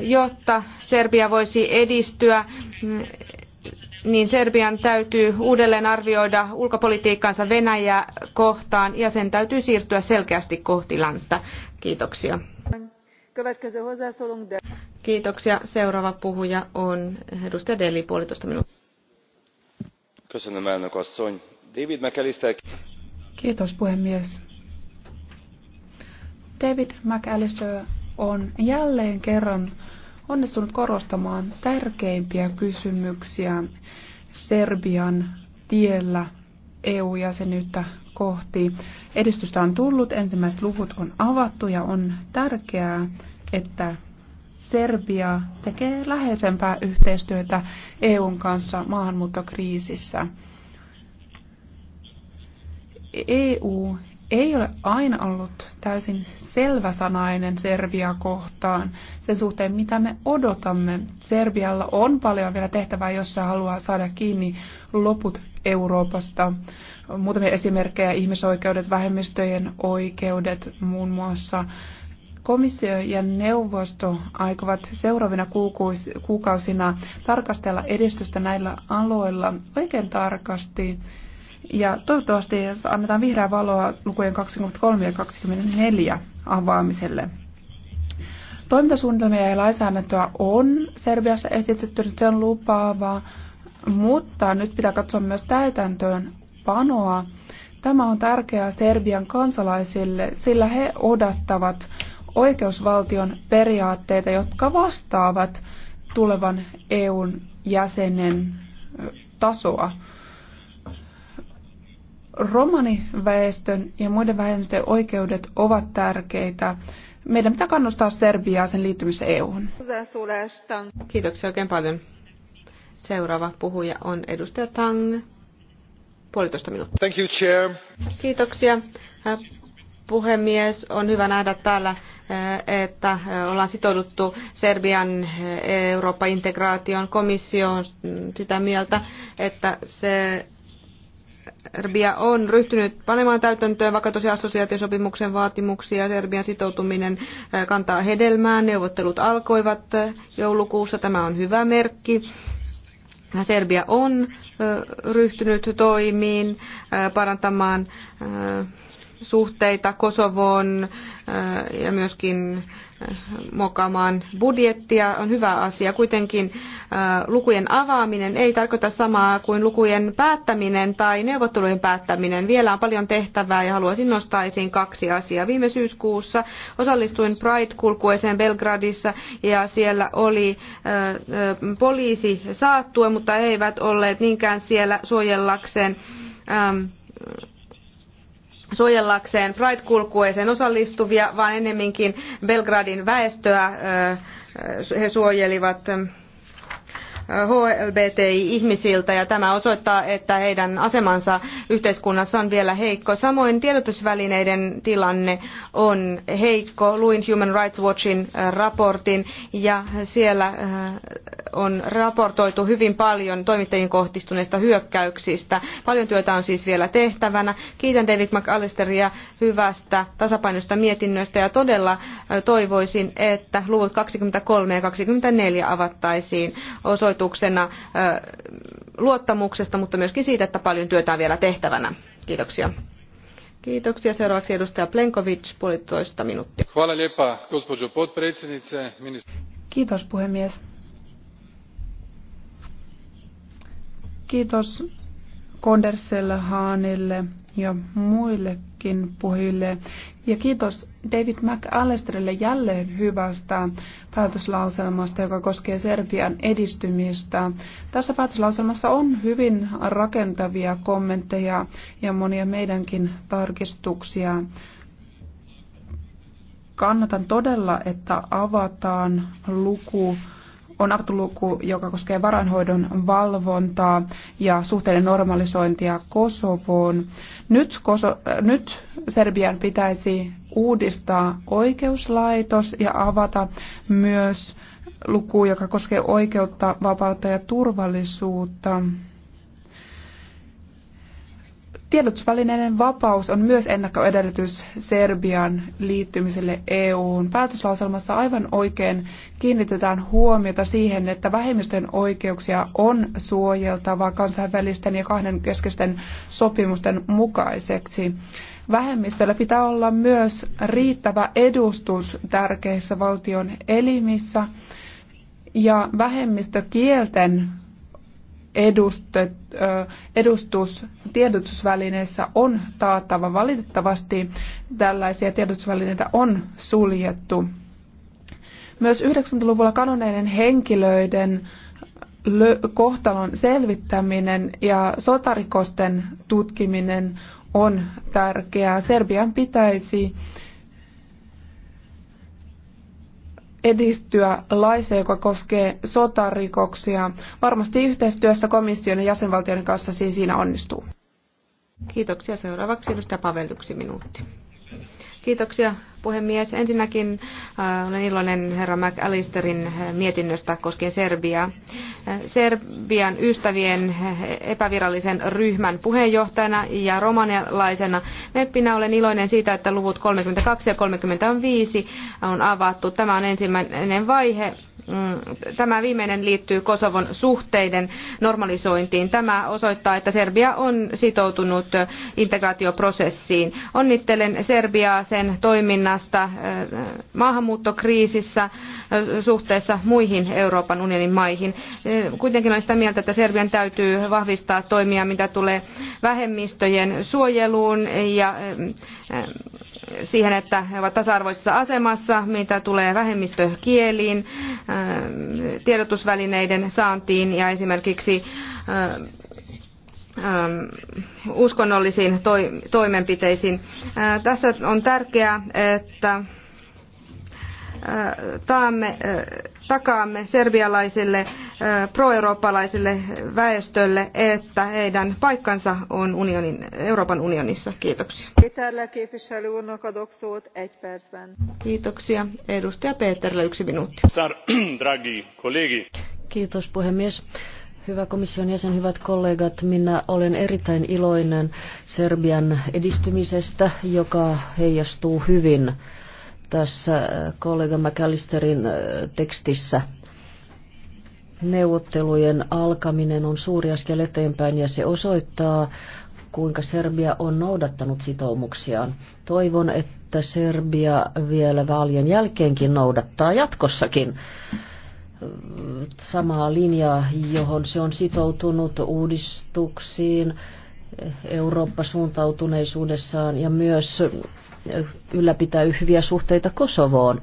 jotta Serbia voisi edistyä, niin Serbian täytyy uudelleen arvioida ulkopolitiikkansa Venäjää kohtaan ja sen täytyy siirtyä selkeästi kohti länttä. Kiitoksia. Kiitoksia. Seuraava puhuja on edustaja Deli, puolitoista minuuttia. David McAllister. Kiitos puhemies. David McAllister on jälleen kerran onnistunut korostamaan tärkeimpiä kysymyksiä Serbian tiellä EU-jäsenyyttä kohti. Edistystä on tullut, ensimmäiset luvut on avattu ja on tärkeää, että Serbia tekee läheisempää yhteistyötä EUn kanssa maahanmuuttokriisissä. E- EU ei ole aina ollut täysin selväsanainen Serbia kohtaan sen suhteen, mitä me odotamme. Serbialla on paljon vielä tehtävää, jos se haluaa saada kiinni loput Euroopasta. Muutamia esimerkkejä, ihmisoikeudet, vähemmistöjen oikeudet muun muassa. Komissio ja neuvosto aikovat seuraavina kuukausina tarkastella edistystä näillä aloilla oikein tarkasti ja toivottavasti jos annetaan vihreää valoa lukujen 23 ja 24 avaamiselle. Toimintasuunnitelmia ja lainsäädäntöä on Serbiassa esitetty, nyt se on lupaavaa, mutta nyt pitää katsoa myös täytäntöön panoa. Tämä on tärkeää Serbian kansalaisille, sillä he odottavat oikeusvaltion periaatteita, jotka vastaavat tulevan EUn jäsenen tasoa romaniväestön ja muiden vähemmistöjen oikeudet ovat tärkeitä. Meidän pitää kannustaa Serbiaa sen liittymisen EU-hun. Kiitoksia oikein paljon. Seuraava puhuja on edustaja Tang. Puolitoista minuuttia. Thank you, chair. Kiitoksia. Äh, puhemies, on hyvä nähdä täällä, äh, että äh, ollaan sitouduttu Serbian Eurooppa-integraation komissioon mm, sitä mieltä, että se Serbia on ryhtynyt panemaan täytäntöön vakatosia assosiaatiosopimuksen vaatimuksia. Serbian sitoutuminen kantaa hedelmää. Neuvottelut alkoivat joulukuussa. Tämä on hyvä merkki. Serbia on ryhtynyt toimiin parantamaan suhteita Kosovoon ja myöskin mokamaan budjettia on hyvä asia. Kuitenkin äh, lukujen avaaminen ei tarkoita samaa kuin lukujen päättäminen tai neuvottelujen päättäminen. Vielä on paljon tehtävää ja haluaisin nostaa esiin kaksi asiaa. Viime syyskuussa osallistuin Pride-kulkueeseen Belgradissa ja siellä oli äh, äh, poliisi saattue, mutta he eivät olleet niinkään siellä suojellakseen ähm, suojellakseen Pride-kulkueeseen osallistuvia, vaan ennemminkin Belgradin väestöä he suojelivat HLBTI-ihmisiltä ja tämä osoittaa, että heidän asemansa yhteiskunnassa on vielä heikko. Samoin tiedotusvälineiden tilanne on heikko. Luin Human Rights Watchin äh, raportin ja siellä äh, on raportoitu hyvin paljon toimittajien kohdistuneista hyökkäyksistä. Paljon työtä on siis vielä tehtävänä. Kiitän David McAllisteria hyvästä tasapainosta mietinnöstä ja todella äh, toivoisin, että luvut 23 ja 24 avattaisiin osoitus osoituksena luottamuksesta, mutta myöskin siitä, että paljon työtä on vielä tehtävänä. Kiitoksia. Kiitoksia. Seuraavaksi edustaja Plenkovic, puolitoista minuuttia. Hvala Kiitos puhemies. Kiitos Konderselle Haanille ja muillekin puhujille. Ja kiitos David McAllisterille jälleen hyvästä päätöslauselmasta, joka koskee Serbian edistymistä. Tässä päätöslauselmassa on hyvin rakentavia kommentteja ja monia meidänkin tarkistuksia. Kannatan todella, että avataan luku on aktuluku, joka koskee varainhoidon valvontaa ja suhteiden normalisointia Kosovoon. Nyt, Koso, äh, nyt Serbian pitäisi uudistaa oikeuslaitos ja avata myös luku, joka koskee oikeutta, vapautta ja turvallisuutta. Tiedotusvälineiden vapaus on myös ennakkoedellytys Serbian liittymiselle EU:hun. Päätöslauselmassa aivan oikein kiinnitetään huomiota siihen, että vähemmistön oikeuksia on suojeltava kansainvälisten ja kahdenkeskisten sopimusten mukaiseksi. Vähemmistöllä pitää olla myös riittävä edustus tärkeissä valtion elimissä ja vähemmistökielten edustet, edustus tiedotusvälineissä on taattava. Valitettavasti tällaisia tiedotusvälineitä on suljettu. Myös 90-luvulla kanoneiden henkilöiden kohtalon selvittäminen ja sotarikosten tutkiminen on tärkeää. Serbian pitäisi edistyä laissa, joka koskee sotarikoksia. Varmasti yhteistyössä komission ja jäsenvaltioiden kanssa siis siinä onnistuu. Kiitoksia. Seuraavaksi edustaja Pavel yksi minuutti. Kiitoksia puhemies. Ensinnäkin äh, olen iloinen herra McAllisterin äh, mietinnöstä koskien Serbiaa. Äh, Serbian ystävien epävirallisen ryhmän puheenjohtajana ja romanialaisena meppinä olen iloinen siitä, että luvut 32 ja 35 on avattu. Tämä on ensimmäinen vaihe Mm, tämä viimeinen liittyy Kosovon suhteiden normalisointiin. Tämä osoittaa, että Serbia on sitoutunut integraatioprosessiin. Onnittelen Serbiaa sen toiminnasta äh, maahanmuuttokriisissä äh, suhteessa muihin Euroopan unionin maihin. Äh, kuitenkin olen sitä mieltä, että Serbian täytyy vahvistaa toimia, mitä tulee vähemmistöjen suojeluun ja siihen, että he ovat tasa-arvoisessa asemassa, mitä tulee vähemmistökieliin, äh, tiedotusvälineiden saantiin ja esimerkiksi äh, äh, uskonnollisiin toimenpiteisiin. Tässä on tärkeää, että taamme, takaamme serbialaiselle pro-eurooppalaiselle väestölle, että heidän paikkansa on unionin, Euroopan unionissa. Kiitoksia. Kiitoksia. Edustaja Peterle yksi minuutti. Kiitos puhemies. Hyvä komission jäsen, hyvät kollegat, minä olen erittäin iloinen Serbian edistymisestä, joka heijastuu hyvin tässä äh, kollega McAllisterin äh, tekstissä. Neuvottelujen alkaminen on suuri askel eteenpäin ja se osoittaa, kuinka Serbia on noudattanut sitoumuksiaan. Toivon, että Serbia vielä vaalien jälkeenkin noudattaa jatkossakin äh, samaa linjaa, johon se on sitoutunut uudistuksiin Eurooppa-suuntautuneisuudessaan ja myös ylläpitää hyviä suhteita Kosovoon.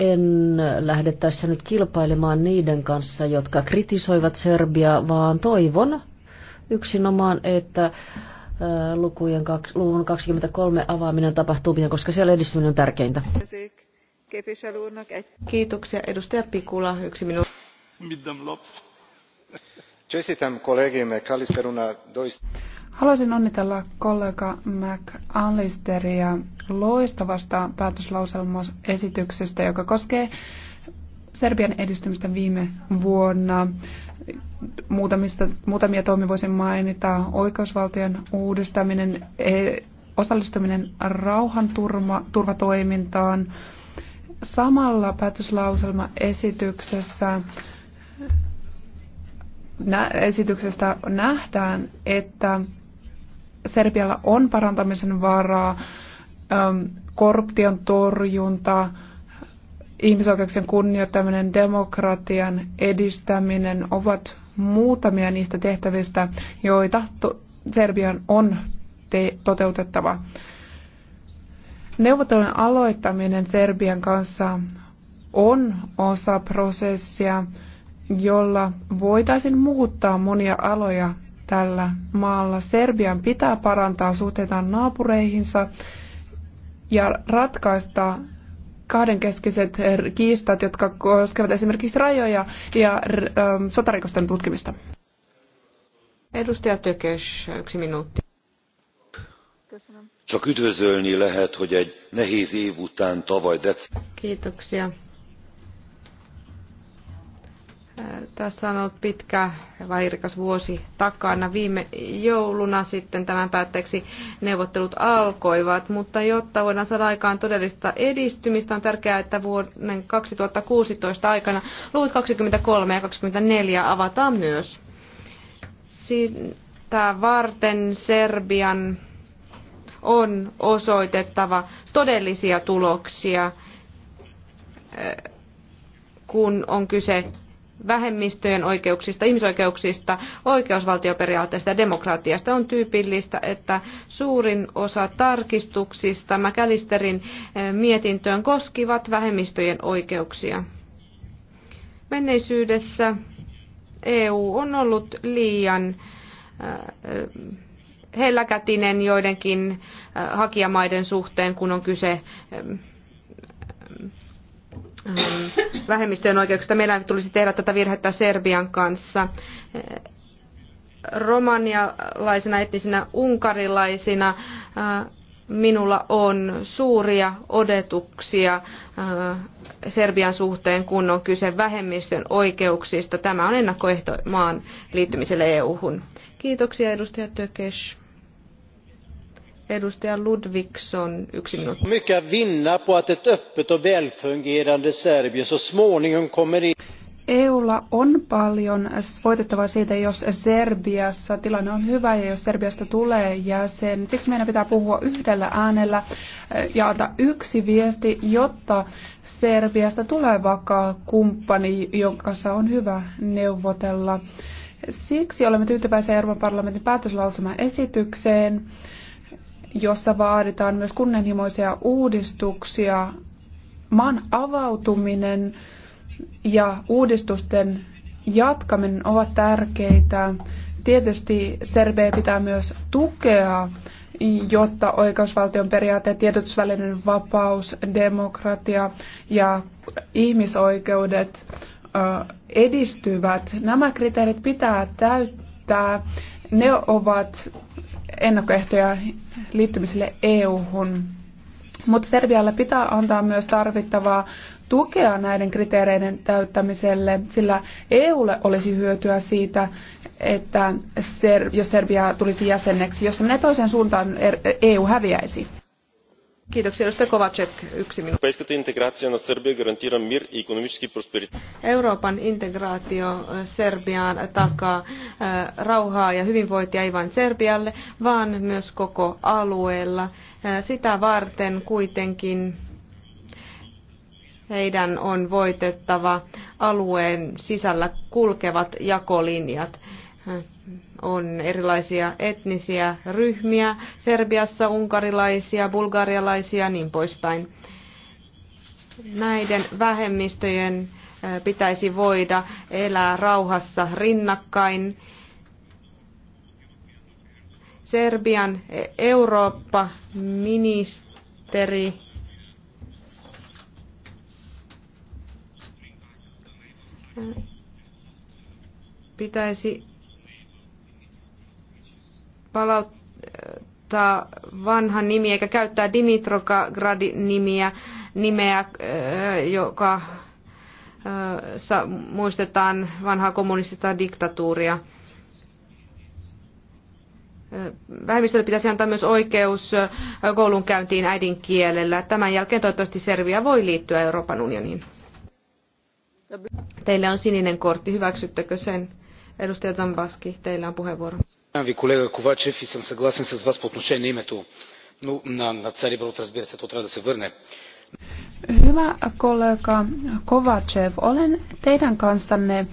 En lähde tässä nyt kilpailemaan niiden kanssa, jotka kritisoivat Serbia, vaan toivon yksinomaan, että äh, lukujen, luvun 23 avaaminen tapahtuu pian, koska siellä edistyminen on tärkeintä. Kiitoksia. Edustaja Pikula, yksi minuutti. Čestitam kolegi Haluaisin onnitella kollega Anlisteria loistavasta päätöslauselmaesityksestä, joka koskee Serbian edistymistä viime vuonna. Muutamista, muutamia toimia voisin mainita. Oikeusvaltion uudistaminen, e, osallistuminen rauhanturvatoimintaan. Samalla päätöslauselmaesityksessä nä- esityksestä nähdään, että Serbialla on parantamisen varaa, ähm, korruption torjunta, ihmisoikeuksien kunnioittaminen, demokratian edistäminen ovat muutamia niistä tehtävistä, joita Serbian on toteutettava. Neuvottelujen aloittaminen Serbian kanssa on osa prosessia, jolla voitaisiin muuttaa monia aloja tällä maalla. Serbian pitää parantaa suhteitaan naapureihinsa ja ratkaista kahdenkeskiset kiistat, jotka koskevat esimerkiksi rajoja ja ähm, sotarikosten tutkimista. Edustaja Tökes, yksi minuutti. Csak üdvözölni lehet, hogy egy nehéz év után tavaly Kiitoksia. Tässä on ollut pitkä ja vairikas vuosi takana. Viime jouluna sitten tämän päätteeksi neuvottelut alkoivat, mutta jotta voidaan saada aikaan todellista edistymistä, on tärkeää, että vuoden 2016 aikana luvut 23 ja 24 avataan myös. Sitä varten Serbian on osoitettava todellisia tuloksia, kun on kyse vähemmistöjen oikeuksista, ihmisoikeuksista, oikeusvaltioperiaatteesta ja demokratiasta. On tyypillistä, että suurin osa tarkistuksista Mäkälisterin eh, mietintöön koskivat vähemmistöjen oikeuksia. Menneisyydessä EU on ollut liian eh, eh, helläkätinen joidenkin hakijamaiden suhteen, kun on kyse Mm. vähemmistöjen oikeuksista. Meillä tulisi tehdä tätä virhettä Serbian kanssa. Romanialaisena, etnisenä unkarilaisina äh, minulla on suuria odotuksia äh, Serbian suhteen, kun on kyse vähemmistön oikeuksista. Tämä on ennakkoehto maan liittymiselle EU-hun. Kiitoksia edustaja Tökes. Edustaja Ludvigsson, yksi minuutti. Mycket vinna på att ett öppet och välfungerande Serbien så småningom kommer in. EUlla on paljon voitettavaa siitä, jos Serbiassa tilanne on hyvä ja jos Serbiasta tulee jäsen. Siksi meidän pitää puhua yhdellä äänellä ja antaa yksi viesti, jotta Serbiasta tulee vakaa kumppani, jonka kanssa on hyvä neuvotella. Siksi olemme tyytyväisiä Euroopan parlamentin päätöslausuman esitykseen jossa vaaditaan myös kunnianhimoisia uudistuksia. Maan avautuminen ja uudistusten jatkaminen ovat tärkeitä. Tietysti Serbia pitää myös tukea, jotta oikeusvaltion periaatteet, tiedotusvälinen vapaus, demokratia ja ihmisoikeudet edistyvät. Nämä kriteerit pitää täyttää. Ne ovat ennakkoehtoja liittymiselle EU-hun. Mutta Serbialle pitää antaa myös tarvittavaa tukea näiden kriteereiden täyttämiselle, sillä EUlle olisi hyötyä siitä, että Ser- jos Serbia tulisi jäseneksi, jos se menee toiseen suuntaan, er- EU häviäisi. Euroopan integraatio eh, Serbiaan takaa eh, rauhaa ja hyvinvointia ei vain Serbialle, vaan myös koko alueella. Eh, sitä varten kuitenkin heidän on voitettava alueen sisällä kulkevat jakolinjat on erilaisia etnisiä ryhmiä, Serbiassa unkarilaisia, bulgarialaisia ja niin poispäin. Näiden vähemmistöjen pitäisi voida elää rauhassa rinnakkain. Serbian e, Eurooppa-ministeri pitäisi palauttaa vanha nimi eikä käyttää Dimitrogradin-nimiä, nimeä, joka muistetaan vanhaa kommunistista diktatuuria. Vähemmistölle pitäisi antaa myös oikeus koulunkäyntiin äidinkielellä. Tämän jälkeen toivottavasti Serbia voi liittyä Euroopan unioniin. Teillä on sininen kortti. Hyväksyttekö sen? Edustaja Tambaski, teillä on puheenvuoro. Уважаеми колега Ковачев и съм съгласен с вас по отношение на името no, на, на Цари Брод, разбира се, то трябва да се върне. Hyvä kollega Kovacev, olen teidän kanssanne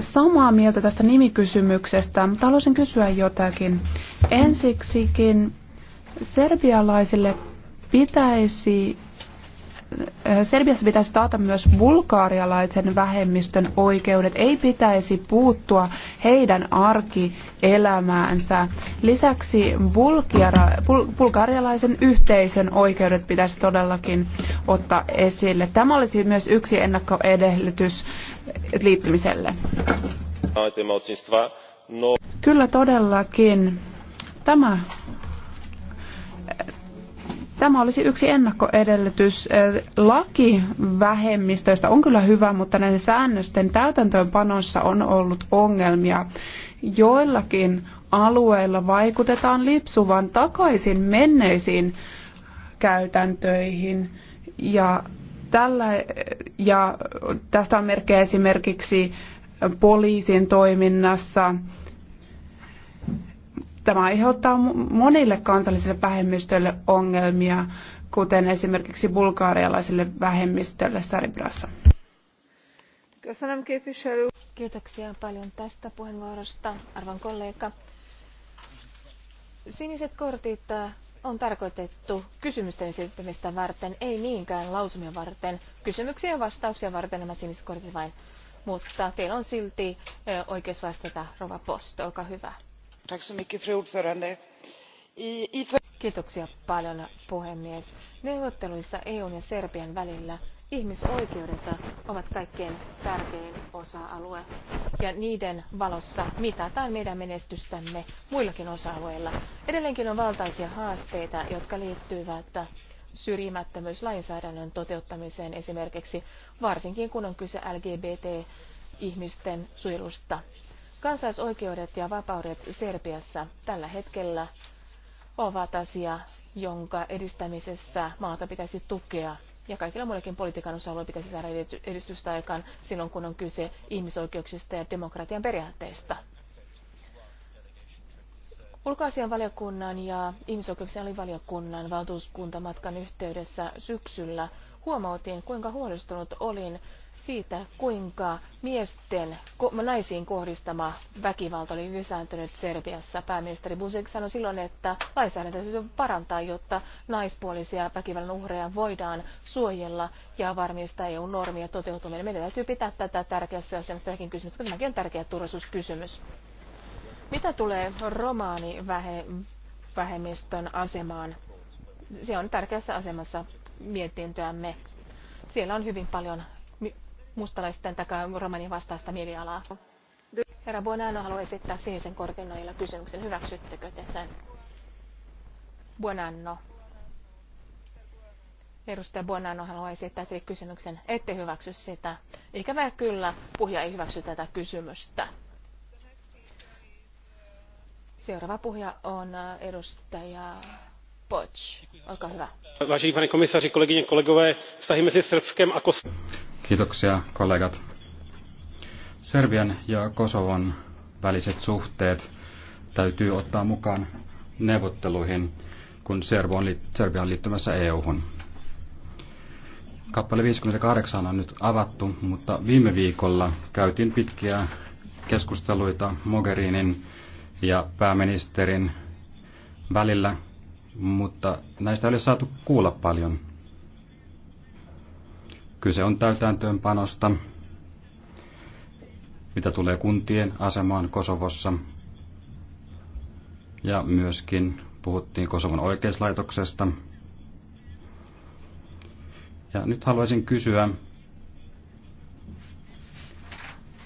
samaa mieltä tästä nimikysymyksestä, mutta haluaisin kysyä jotakin. Ensiksikin serbialaisille pitäisi Serbiassa pitäisi taata myös bulgaarialaisen vähemmistön oikeudet. Ei pitäisi puuttua heidän arkielämäänsä. Lisäksi bulgaria, bul, bulgaarialaisen yhteisön oikeudet pitäisi todellakin ottaa esille. Tämä olisi myös yksi ennakkoedellytys liittymiselle. Kyllä todellakin. Tämä Tämä olisi yksi ennakkoedellytys. Laki vähemmistöistä on kyllä hyvä, mutta näiden säännösten täytäntöönpanossa on ollut ongelmia. Joillakin alueilla vaikutetaan lipsuvan takaisin menneisiin käytäntöihin ja tällä, ja tästä on merkkejä esimerkiksi poliisin toiminnassa, Tämä aiheuttaa monille kansallisille vähemmistöille ongelmia, kuten esimerkiksi bulgaarialaisille vähemmistölle Saribrassa. Kiitoksia paljon tästä puheenvuorosta, arvon kollega. Siniset kortit äh, on tarkoitettu kysymysten esittämistä varten, ei niinkään lausumia varten. Kysymyksiä ja vastauksia varten nämä siniset kortit vain. Mutta teillä on silti äh, oikeus vastata, Rova Post, olkaa hyvä arvoisa puhemies. Neuvotteluissa EUn ja Serbian välillä ihmisoikeudet ovat kaikkein tärkein osa-alue ja niiden valossa mitataan meidän menestystämme muillakin osa-alueilla. Edelleenkin on valtaisia haasteita, jotka liittyvät syrjimättömyyslainsäädännön toteuttamiseen esimerkiksi, varsinkin kun on kyse LGBT-ihmisten suojelusta kansalaisoikeudet ja vapaudet Serbiassa tällä hetkellä ovat asia, jonka edistämisessä maata pitäisi tukea. Ja kaikilla muillakin politiikan osa-alueilla pitäisi saada edistystä aikaan silloin, kun on kyse ihmisoikeuksista ja demokratian periaatteista. Ulkoasian valiokunnan ja ihmisoikeuksien valiokunnan valtuuskuntamatkan yhteydessä syksyllä huomautin, kuinka huolestunut olin siitä, kuinka miesten naisiin kohdistama väkivalta oli lisääntynyt Serbiassa. Pääministeri Buzik sanoi silloin, että lainsäädäntö täytyy parantaa, jotta naispuolisia väkivallan uhreja voidaan suojella ja varmistaa EU-normia toteutuminen. Meidän täytyy pitää tätä tärkeässä asemassa tämäkin kysymys, koska tämäkin on tärkeä turvallisuuskysymys. Mitä tulee romaani vähemmistön asemaan? Se on tärkeässä asemassa mietintöämme siellä on hyvin paljon mustalaisten tai romanien vastaista mielialaa. Herra Buonanno haluaa esittää sinisen korkeudella no kysymyksen. Hyväksyttekö te sen? Buonanno. Edustaja Buonanno haluaa esittää teille kysymyksen. Ette hyväksy sitä. Ikävä kyllä, puhuja ei hyväksy tätä kysymystä. Seuraava puhuja on äh, edustaja Poč, olkaa hyvä. Vážený pane komisaři, kolegyně, kolegové, vztahy mezi Srbskem a Kosovem. Kiitoksia, kollegat. Serbian ja Kosovon väliset suhteet täytyy ottaa mukaan neuvotteluihin, kun Serbia on liittymässä EU-hun. Kappale 58 on nyt avattu, mutta viime viikolla käytiin pitkiä keskusteluita Mogherinin ja pääministerin välillä mutta näistä ei ole saatu kuulla paljon. Kyse on täytäntöönpanosta, mitä tulee kuntien asemaan Kosovossa. Ja myöskin puhuttiin Kosovon oikeuslaitoksesta. Ja nyt haluaisin kysyä,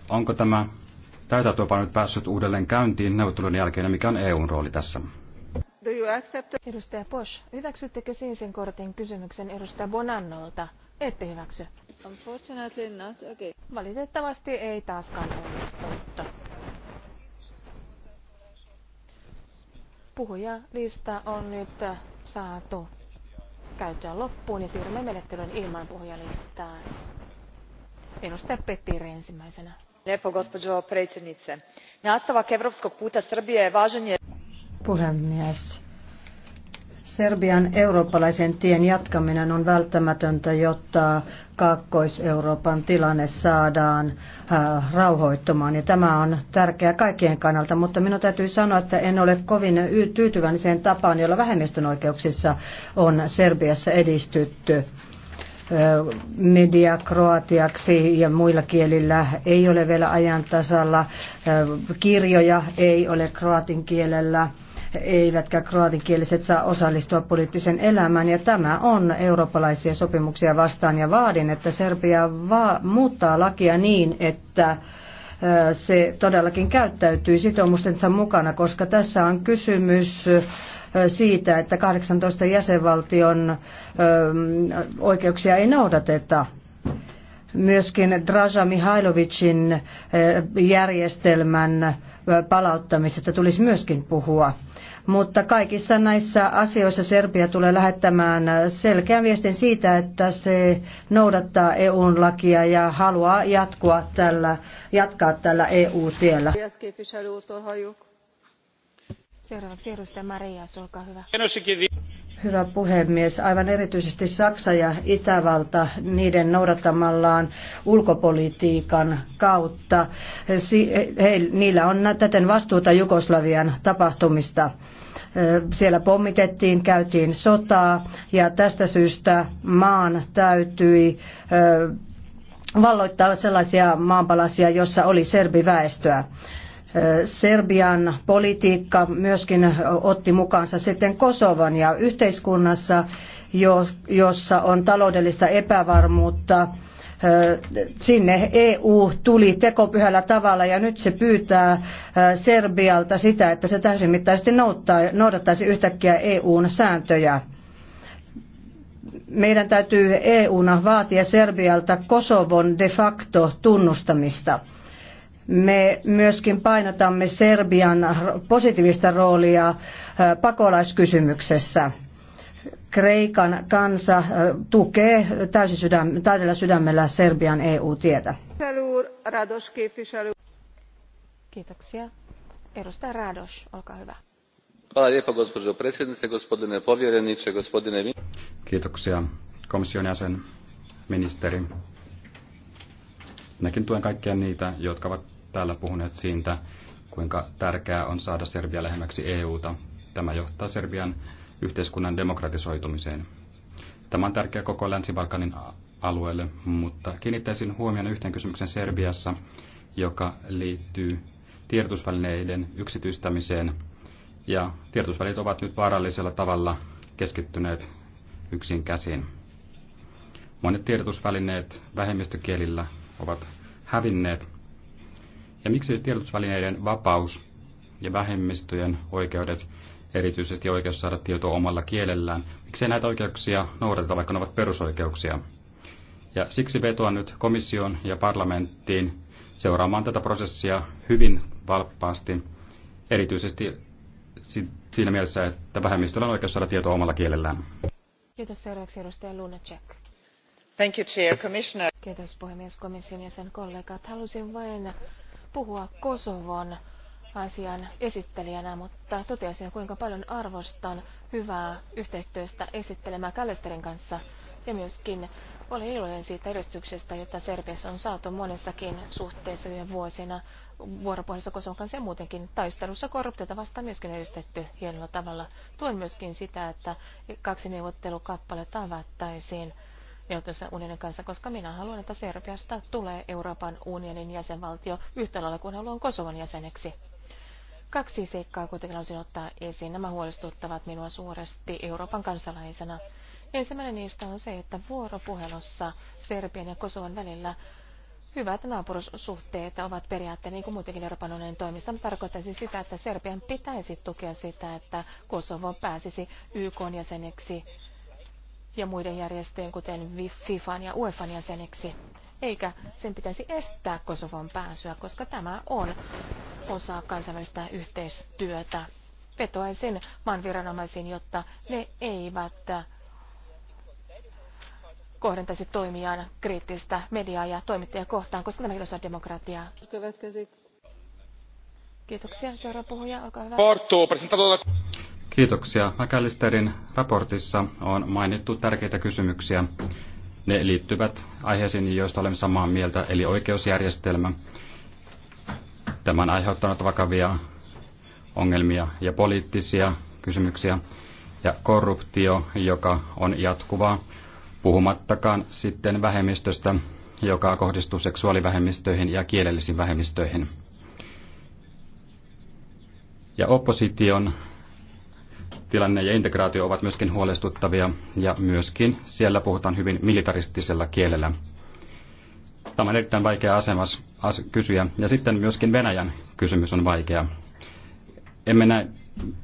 onko tämä täytäntöönpano nyt päässyt uudelleen käyntiin neuvottelun jälkeen ja mikä on EUn rooli tässä? Do you Edustaja Bosch, hyväksyttekö sinisen kortin kysymyksen edustaja Bonannolta? Ette hyväksy. Unfortunately not. Okay. Valitettavasti ei taaskaan onnistunut. Puhujalista on nyt saatu käytyä loppuun ja siirrymme menettelyyn ilman puhujalistaa. Edustaja Petir ensimmäisenä. Lijepo, gospođo predsjednice. Nastavak europskog puta Srbije važan je puhemies. Serbian eurooppalaisen tien jatkaminen on välttämätöntä, jotta Kaakkois-Euroopan tilanne saadaan äh, rauhoittumaan. Ja tämä on tärkeää kaikkien kannalta, mutta minun täytyy sanoa, että en ole kovin tyytyväinen tapaan, jolla vähemmistön oikeuksissa on Serbiassa edistytty äh, media kroatiaksi ja muilla kielillä ei ole vielä ajan tasalla, äh, kirjoja ei ole kroatin kielellä eivätkä kroatinkieliset saa osallistua poliittiseen elämään. Ja tämä on eurooppalaisia sopimuksia vastaan ja vaadin, että Serbia va- muuttaa lakia niin, että se todellakin käyttäytyy sitoumustensa mukana, koska tässä on kysymys siitä, että 18 jäsenvaltion oikeuksia ei noudateta. Myöskin Draža Mihailovicin järjestelmän palauttamisesta tulisi myöskin puhua. Mutta kaikissa näissä asioissa Serbia tulee lähettämään selkeän viestin siitä, että se noudattaa EUn lakia ja haluaa jatkua tällä, jatkaa tällä EU-tiellä. Seuraavaksi edustaja Maria, olkaa hyvä. Hyvä puhemies. Aivan erityisesti Saksa ja Itävalta niiden noudattamallaan ulkopolitiikan kautta. He, niillä on täten vastuuta Jugoslavian tapahtumista siellä pommitettiin, käytiin sotaa ja tästä syystä maan täytyi valloittaa sellaisia maanpalasia, jossa oli serbiväestöä. Serbian politiikka myöskin otti mukaansa sitten Kosovan ja yhteiskunnassa, jossa on taloudellista epävarmuutta, sinne EU tuli tekopyhällä tavalla ja nyt se pyytää Serbialta sitä, että se täysimittaisesti noudattaisi yhtäkkiä EUn sääntöjä. Meidän täytyy EUna vaatia Serbialta Kosovon de facto tunnustamista. Me myöskin painotamme Serbian positiivista roolia pakolaiskysymyksessä. Kreikan kansa tukee täysin sydäm, täydellä sydämellä Serbian EU-tietä. Kiitoksia. Edustaja Rados, olkaa hyvä. Kiitoksia komission jäsen, ministeri. Minäkin tuen kaikkia niitä, jotka ovat täällä puhuneet siitä, kuinka tärkeää on saada Serbia lähemmäksi EUta. Tämä johtaa Serbian yhteiskunnan demokratisoitumiseen. Tämä on tärkeä koko Länsi-Balkanin alueelle, mutta kiinnittäisin huomioon yhteen kysymyksen Serbiassa, joka liittyy tiedotusvälineiden yksityistämiseen. Ja tiedotusvälit ovat nyt vaarallisella tavalla keskittyneet yksin käsiin. Monet tiedotusvälineet vähemmistökielillä ovat hävinneet ja miksi tiedotusvälineiden vapaus ja vähemmistöjen oikeudet, erityisesti oikeus saada tietoa omalla kielellään, miksei näitä oikeuksia noudateta, vaikka ne ovat perusoikeuksia? Ja siksi vetoan nyt komission ja parlamenttiin seuraamaan tätä prosessia hyvin valppaasti, erityisesti siinä mielessä, että vähemmistöllä on oikeus saada tietoa omalla kielellään. Kiitos seuraavaksi edustaja Lunacek. Thank you, Chair, Commissioner. Kiitos puhemies komission jäsen kollegat. Halusin vain puhua Kosovon asian esittelijänä, mutta totesin, kuinka paljon arvostan hyvää yhteistyöstä esittelemään Kallesterin kanssa. Ja myöskin olen iloinen siitä edistyksestä, jota Serbiassa on saatu monessakin suhteessa viime vuosina vuoropuhelussa Kosovon kanssa ja muutenkin taistelussa korruptiota vastaan myöskin edistetty hienolla tavalla. Tuen myöskin sitä, että kaksi neuvottelukappaletta avattaisiin neuvottelussa unionin kanssa, koska minä haluan, että Serbiasta tulee Euroopan unionin jäsenvaltio yhtä lailla kuin haluan Kosovan jäseneksi. Kaksi seikkaa kuitenkin haluaisin ottaa esiin. Nämä huolestuttavat minua suuresti Euroopan kansalaisena. Ensimmäinen niistä on se, että vuoropuhelussa Serbian ja Kosovan välillä Hyvät naapurussuhteet ovat periaatteessa, niin kuin muutenkin Euroopan unionin toimissa, Tarkoittaisi sitä, että Serbian pitäisi tukea sitä, että Kosovo pääsisi YK jäseneksi ja muiden järjestöjen, kuten FIFAn ja UEFan jäseneksi. Eikä sen pitäisi estää Kosovon pääsyä, koska tämä on osa kansainvälistä yhteistyötä. Vetoaisin maan viranomaisiin, jotta ne eivät kohdentaisi toimijan kriittistä mediaa ja toimittajia kohtaan, koska tämä ei osaa demokratiaa. Kiitoksia. Seuraava puhuja, olkaa hyvä. Kiitoksia. McAllisterin raportissa on mainittu tärkeitä kysymyksiä. Ne liittyvät aiheisiin, joista olemme samaa mieltä, eli oikeusjärjestelmä. Tämä on aiheuttanut vakavia ongelmia ja poliittisia kysymyksiä ja korruptio, joka on jatkuvaa, puhumattakaan sitten vähemmistöstä, joka kohdistuu seksuaalivähemmistöihin ja kielellisiin vähemmistöihin. Ja opposition tilanne ja integraatio ovat myöskin huolestuttavia ja myöskin siellä puhutaan hyvin militaristisella kielellä. Tämä on erittäin vaikea asemas as, kysyä. Ja sitten myöskin Venäjän kysymys on vaikea. Emme näe,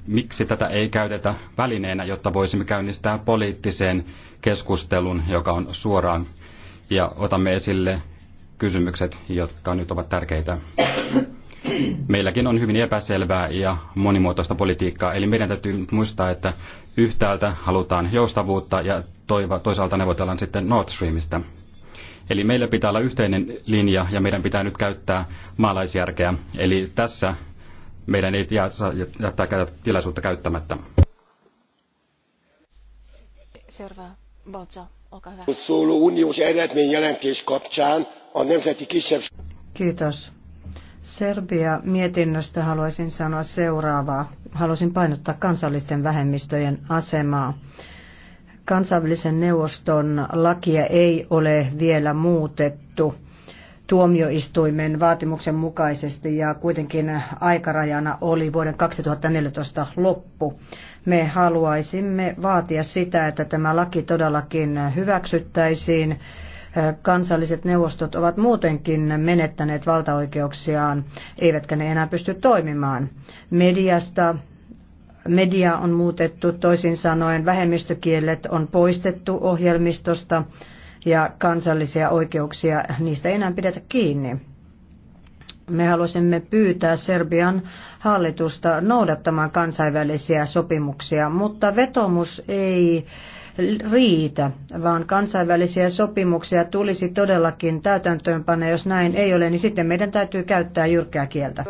miksi tätä ei käytetä välineenä, jotta voisimme käynnistää poliittisen keskustelun, joka on suoraan. Ja otamme esille kysymykset, jotka nyt ovat tärkeitä meilläkin on hyvin epäselvää ja monimuotoista politiikkaa. Eli meidän täytyy muistaa, että yhtäältä halutaan joustavuutta ja toisaalta neuvotellaan sitten Nord Streamista. Eli meillä pitää olla yhteinen linja ja meidän pitää nyt käyttää maalaisjärkeä. Eli tässä meidän ei saa jättää tilaisuutta käyttämättä. Seuraava. Bolcsa, olkaa hyvä. Kiitos Serbia-mietinnöstä haluaisin sanoa seuraavaa. Haluaisin painottaa kansallisten vähemmistöjen asemaa. Kansainvälisen neuvoston lakia ei ole vielä muutettu tuomioistuimen vaatimuksen mukaisesti ja kuitenkin aikarajana oli vuoden 2014 loppu. Me haluaisimme vaatia sitä, että tämä laki todellakin hyväksyttäisiin kansalliset neuvostot ovat muutenkin menettäneet valtaoikeuksiaan, eivätkä ne enää pysty toimimaan. Mediasta media on muutettu, toisin sanoen vähemmistökielet on poistettu ohjelmistosta ja kansallisia oikeuksia niistä ei enää pidetä kiinni. Me haluaisimme pyytää Serbian hallitusta noudattamaan kansainvälisiä sopimuksia, mutta vetomus ei äh, riitä, vaan kansainvälisiä sopimuksia tulisi todellakin täytäntöönpanna. Jos näin ei ole, niin sitten meidän täytyy käyttää jyrkkää kieltä.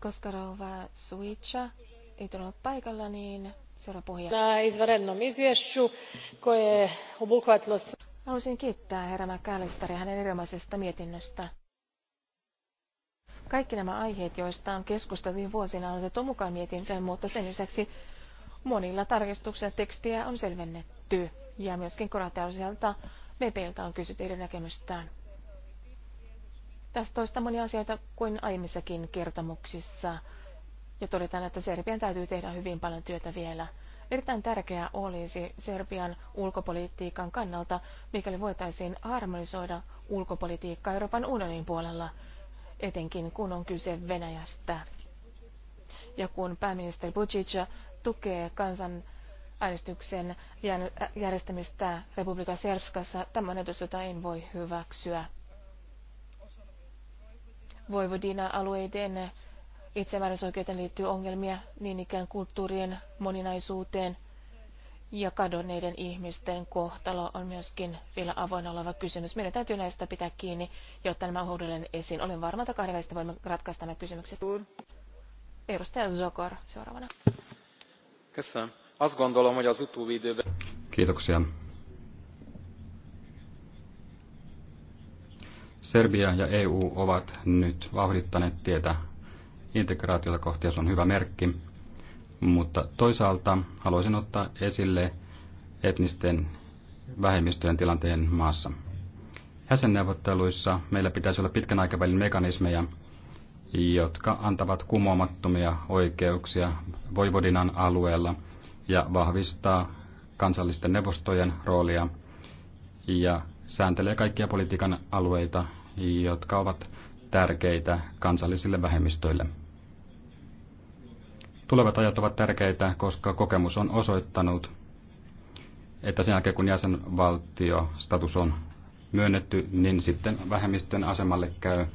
Koska rouva Suitsa ei tullut paikalla, niin seuraava puhuja. Na izvanrednom izvješću koje je obuhvatilo... Haluaisin kiittää herra Mäkälistari hänen erilaisesta mietinnöstä. Kaikki nämä aiheet, joista on keskusteltu vuosina, on otettu mukaan mietintöön, mutta sen lisäksi Monilla tarkistuksilla tekstiä on selvennetty ja myöskin korateosialta MEPiltä on kysytty heidän näkemystään. Tästä toista monia asioita kuin aiemmissakin kertomuksissa ja todetaan, että Serbian täytyy tehdä hyvin paljon työtä vielä. Erittäin tärkeää olisi Serbian ulkopolitiikan kannalta, mikäli voitaisiin harmonisoida ulkopolitiikkaa Euroopan unionin puolella, etenkin kun on kyse Venäjästä. Ja kun pääministeri Vucic tukee kansan äänestyksen järjestämistä Republika Serbskassa, tämä on edus, jota en voi hyväksyä. Voivodina-alueiden itsemääräisoikeuteen liittyy ongelmia niin ikään kulttuurien moninaisuuteen ja kadonneiden ihmisten kohtalo on myöskin vielä avoin oleva kysymys. Meidän täytyy näistä pitää kiinni, jotta nämä uudelleen esiin. Olen varma, että kahden voimme ratkaista nämä kysymykset. Azt gondolom, hogy az Serbia ja EU ovat nyt vauhdittaneet tietä integraatiota kohti ja se on hyvä merkki. Mutta toisaalta haluaisin ottaa esille etnisten vähemmistöjen tilanteen maassa. Jäsenneuvotteluissa meillä pitäisi olla pitkän aikavälin mekanismeja, jotka antavat kumoamattomia oikeuksia Voivodinan alueella ja vahvistaa kansallisten neuvostojen roolia ja sääntelee kaikkia politiikan alueita, jotka ovat tärkeitä kansallisille vähemmistöille. Tulevat ajat ovat tärkeitä, koska kokemus on osoittanut, että sen jälkeen kun jäsenvaltiostatus on myönnetty, niin sitten vähemmistön asemalle käy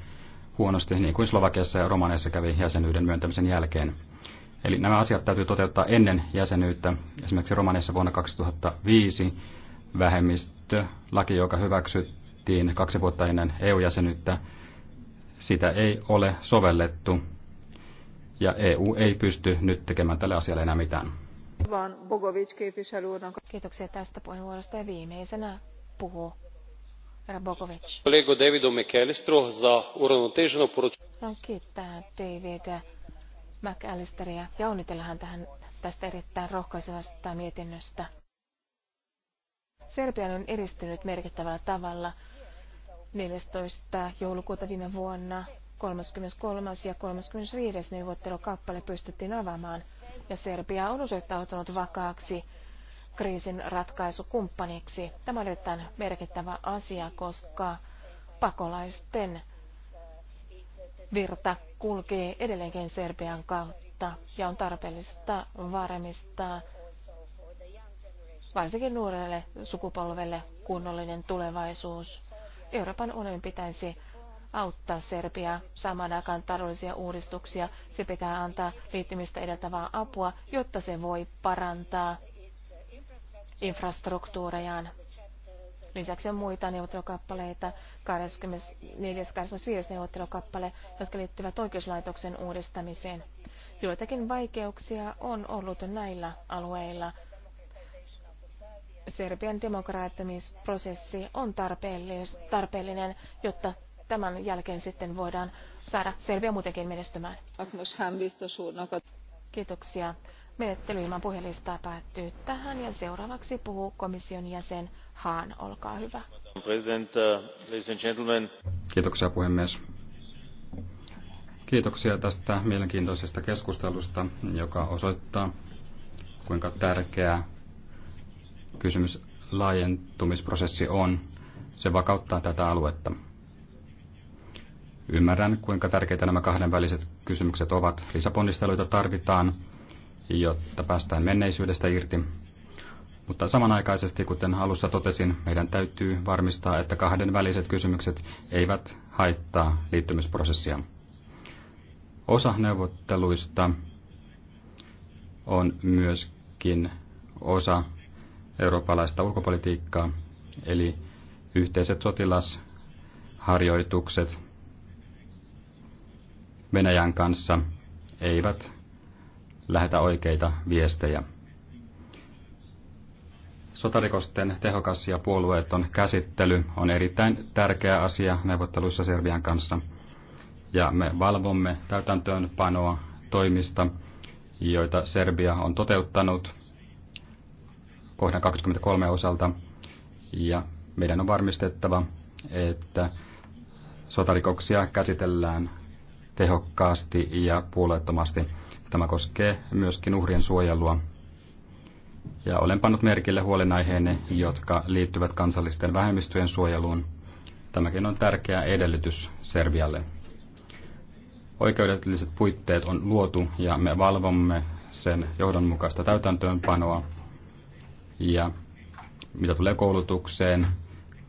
huonosti, niin kuin Slovakiassa ja Romaneissa kävi jäsenyyden myöntämisen jälkeen. Eli nämä asiat täytyy toteuttaa ennen jäsenyyttä. Esimerkiksi Romaneissa vuonna 2005 vähemmistölaki, joka hyväksyttiin kaksi vuotta ennen EU-jäsenyyttä, sitä ei ole sovellettu. Ja EU ei pysty nyt tekemään tälle asialle enää mitään. Kiitoksia tästä puheenvuorosta ja viimeisenä puhuu kollega Davidu McAllisteru za uravnoteženo poročilo. Haluan kiittää David McAllisteria ja onnitella häntä tästä erittäin rohkaisevasta mietinnöstä. Serbia on edistynyt merkittävällä tavalla 14. joulukuuta viime vuonna 33. ja 35. neuvottelukappale pystyttiin avaamaan, ja Serbia on osoittautunut vakaaksi kriisin ratkaisukumppaniksi. Tämä on erittäin merkittävä asia, koska pakolaisten virta kulkee edelleenkin Serbian kautta ja on tarpeellista varmistaa varsinkin nuorelle sukupolvelle kunnollinen tulevaisuus. Euroopan unionin pitäisi auttaa Serbiaa saamaan aikaan taloudellisia uudistuksia. Se pitää antaa liittymistä edeltävää apua, jotta se voi parantaa infrastruktuurejaan. Lisäksi on muita neuvottelukappaleita, 24. 25. neuvottelukappale, jotka liittyvät oikeuslaitoksen uudistamiseen. Joitakin vaikeuksia on ollut näillä alueilla. Serbian demokraattimisprosessi on tarpeellinen, jotta tämän jälkeen sitten voidaan saada Serbia muutenkin menestymään. Kiitoksia. Menettely ilman puhelistaa päättyy tähän ja seuraavaksi puhuu komission jäsen Haan. Olkaa hyvä. Uh, Kiitoksia puhemies. Kiitoksia tästä mielenkiintoisesta keskustelusta, joka osoittaa, kuinka tärkeä kysymys laajentumisprosessi on. Se vakauttaa tätä aluetta. Ymmärrän, kuinka tärkeitä nämä kahdenväliset kysymykset ovat. Lisäponnisteluita tarvitaan jotta päästään menneisyydestä irti. Mutta samanaikaisesti, kuten alussa totesin, meidän täytyy varmistaa, että kahden väliset kysymykset eivät haittaa liittymisprosessia. Osa neuvotteluista on myöskin osa eurooppalaista ulkopolitiikkaa, eli yhteiset sotilasharjoitukset Venäjän kanssa eivät lähetä oikeita viestejä. Sotarikosten tehokas ja puolueeton käsittely on erittäin tärkeä asia neuvotteluissa Serbian kanssa. Ja me valvomme täytäntöönpanoa toimista, joita Serbia on toteuttanut kohdan 23 osalta. Ja meidän on varmistettava, että sotarikoksia käsitellään tehokkaasti ja puolueettomasti. Tämä koskee myöskin uhrien suojelua. Ja olen pannut merkille huolenaiheenne, jotka liittyvät kansallisten vähemmistöjen suojeluun. Tämäkin on tärkeä edellytys Serbialle. Oikeudelliset puitteet on luotu ja me valvomme sen johdonmukaista täytäntöönpanoa. Ja mitä tulee koulutukseen,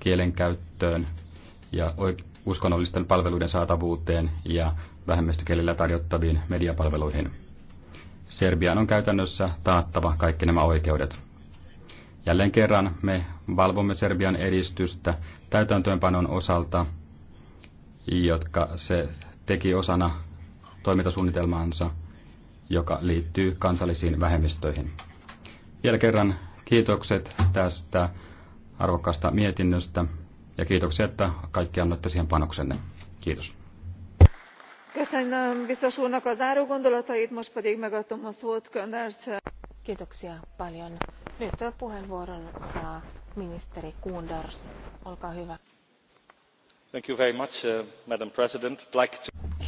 kielenkäyttöön ja uskonnollisten palveluiden saatavuuteen ja vähemmistökielillä tarjottaviin mediapalveluihin. Serbian on käytännössä taattava kaikki nämä oikeudet. Jälleen kerran me valvomme Serbian edistystä täytäntöönpanon osalta, jotka se teki osana toimintasuunnitelmaansa, joka liittyy kansallisiin vähemmistöihin. Vielä kerran kiitokset tästä arvokkaasta mietinnöstä ja kiitoksia, että kaikki annoitte siihen panoksenne. Kiitos. Köszönöm biztos úrnak a záró gondolatait, most pedig megadom a szót hyvä. Uh,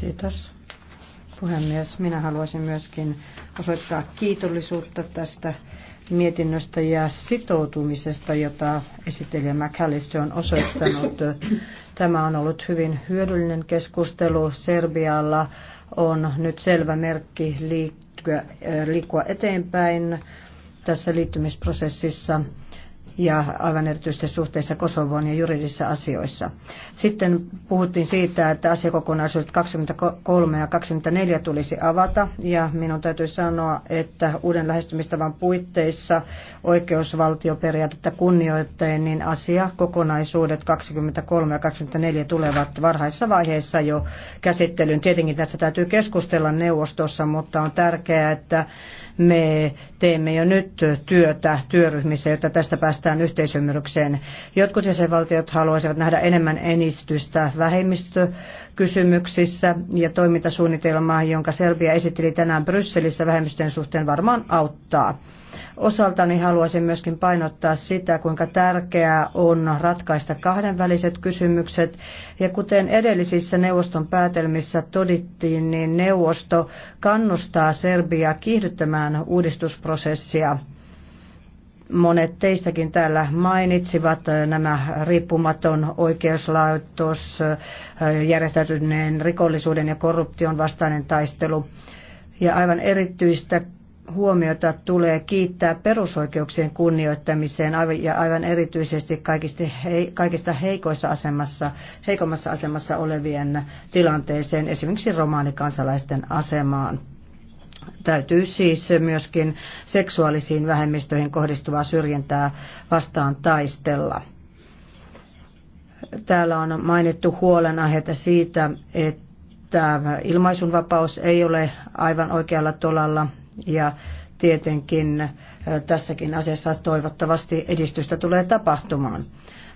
Kiitos puhemies. Minä haluaisin myöskin osoittaa kiitollisuutta tästä mietinnöstä ja sitoutumisesta, jota esittelijä McAllister on osoittanut Tämä on ollut hyvin hyödyllinen keskustelu. Serbialla on nyt selvä merkki liikkua eteenpäin tässä liittymisprosessissa ja aivan erityisesti suhteessa Kosovoon ja juridisissa asioissa. Sitten puhuttiin siitä, että asiakokonaisuudet 23 ja 24 tulisi avata ja minun täytyy sanoa, että uuden lähestymistavan puitteissa oikeusvaltioperiaatetta kunnioittain, niin asiakokonaisuudet 23 ja 24 tulevat varhaisessa vaiheessa jo käsittelyyn. Tietenkin tässä täytyy keskustella neuvostossa, mutta on tärkeää, että me teemme jo nyt työtä työryhmissä, jotta tästä päästään päästään yhteisymmärrykseen. Jotkut jäsenvaltiot haluaisivat nähdä enemmän enistystä vähemmistökysymyksissä ja toimintasuunnitelmaa, jonka Serbia esitteli tänään Brysselissä vähemmistöjen suhteen varmaan auttaa. Osaltani haluaisin myöskin painottaa sitä, kuinka tärkeää on ratkaista kahdenväliset kysymykset. Ja kuten edellisissä neuvoston päätelmissä todittiin, niin neuvosto kannustaa Serbiaa kiihdyttämään uudistusprosessia. Monet teistäkin täällä mainitsivat äh, nämä riippumaton oikeuslaitos, äh, järjestäytyneen rikollisuuden ja korruption vastainen taistelu. Ja aivan erityistä huomiota tulee kiittää perusoikeuksien kunnioittamiseen ja aivan erityisesti kaikista heikoissa asemassa, heikommassa asemassa olevien tilanteeseen, esimerkiksi romaanikansalaisten asemaan. Täytyy siis myöskin seksuaalisiin vähemmistöihin kohdistuvaa syrjintää vastaan taistella. Täällä on mainittu huolenaiheita siitä, että ilmaisunvapaus ei ole aivan oikealla tolalla ja tietenkin tässäkin asiassa toivottavasti edistystä tulee tapahtumaan.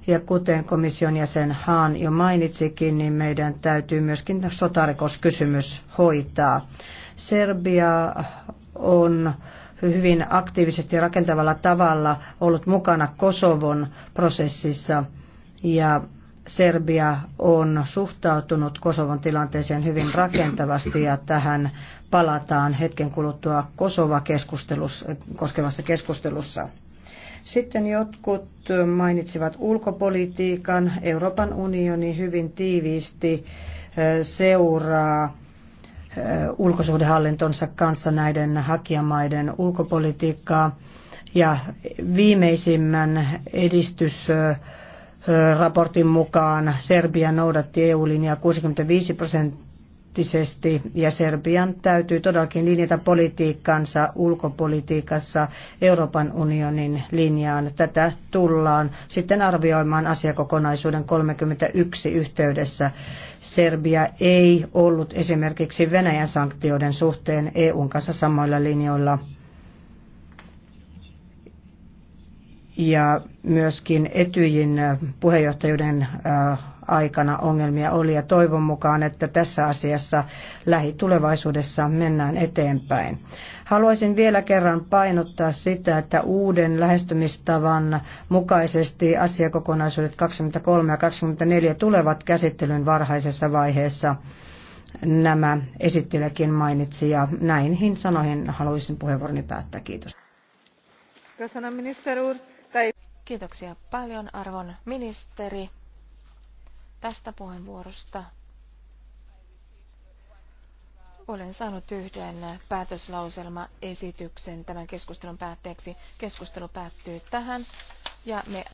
Ja kuten komission jäsen Haan jo mainitsikin, niin meidän täytyy myöskin sotarikoskysymys hoitaa. Serbia on hyvin aktiivisesti rakentavalla tavalla ollut mukana Kosovon prosessissa ja Serbia on suhtautunut Kosovon tilanteeseen hyvin rakentavasti ja tähän palataan hetken kuluttua Kosova keskustelussa, koskevassa keskustelussa. Sitten jotkut mainitsivat ulkopolitiikan. Euroopan unioni hyvin tiiviisti seuraa ulkosuhdehallintonsa kanssa näiden hakijamaiden ulkopolitiikkaa. Ja viimeisimmän edistys raportin mukaan Serbia noudatti EU-linjaa 65 prosenttia kriittisesti ja Serbian täytyy todellakin linjata politiikkansa ulkopolitiikassa Euroopan unionin linjaan. Tätä tullaan sitten arvioimaan asiakokonaisuuden 31 yhteydessä. Serbia ei ollut esimerkiksi Venäjän sanktioiden suhteen EUn kanssa samoilla linjoilla. ja myöskin Etyjin puheenjohtajuuden äh, aikana ongelmia oli ja toivon mukaan, että tässä asiassa lähitulevaisuudessa mennään eteenpäin. Haluaisin vielä kerran painottaa sitä, että uuden lähestymistavan mukaisesti asiakokonaisuudet 23 ja 24 tulevat käsittelyn varhaisessa vaiheessa nämä esittelijäkin mainitsi ja näihin sanoihin haluaisin puheenvuoroni päättää. Kiitos. Kiitoksia paljon arvon ministeri tästä puheenvuorosta. Olen saanut yhden päätöslauselmaesityksen tämän keskustelun päätteeksi. Keskustelu päättyy tähän ja me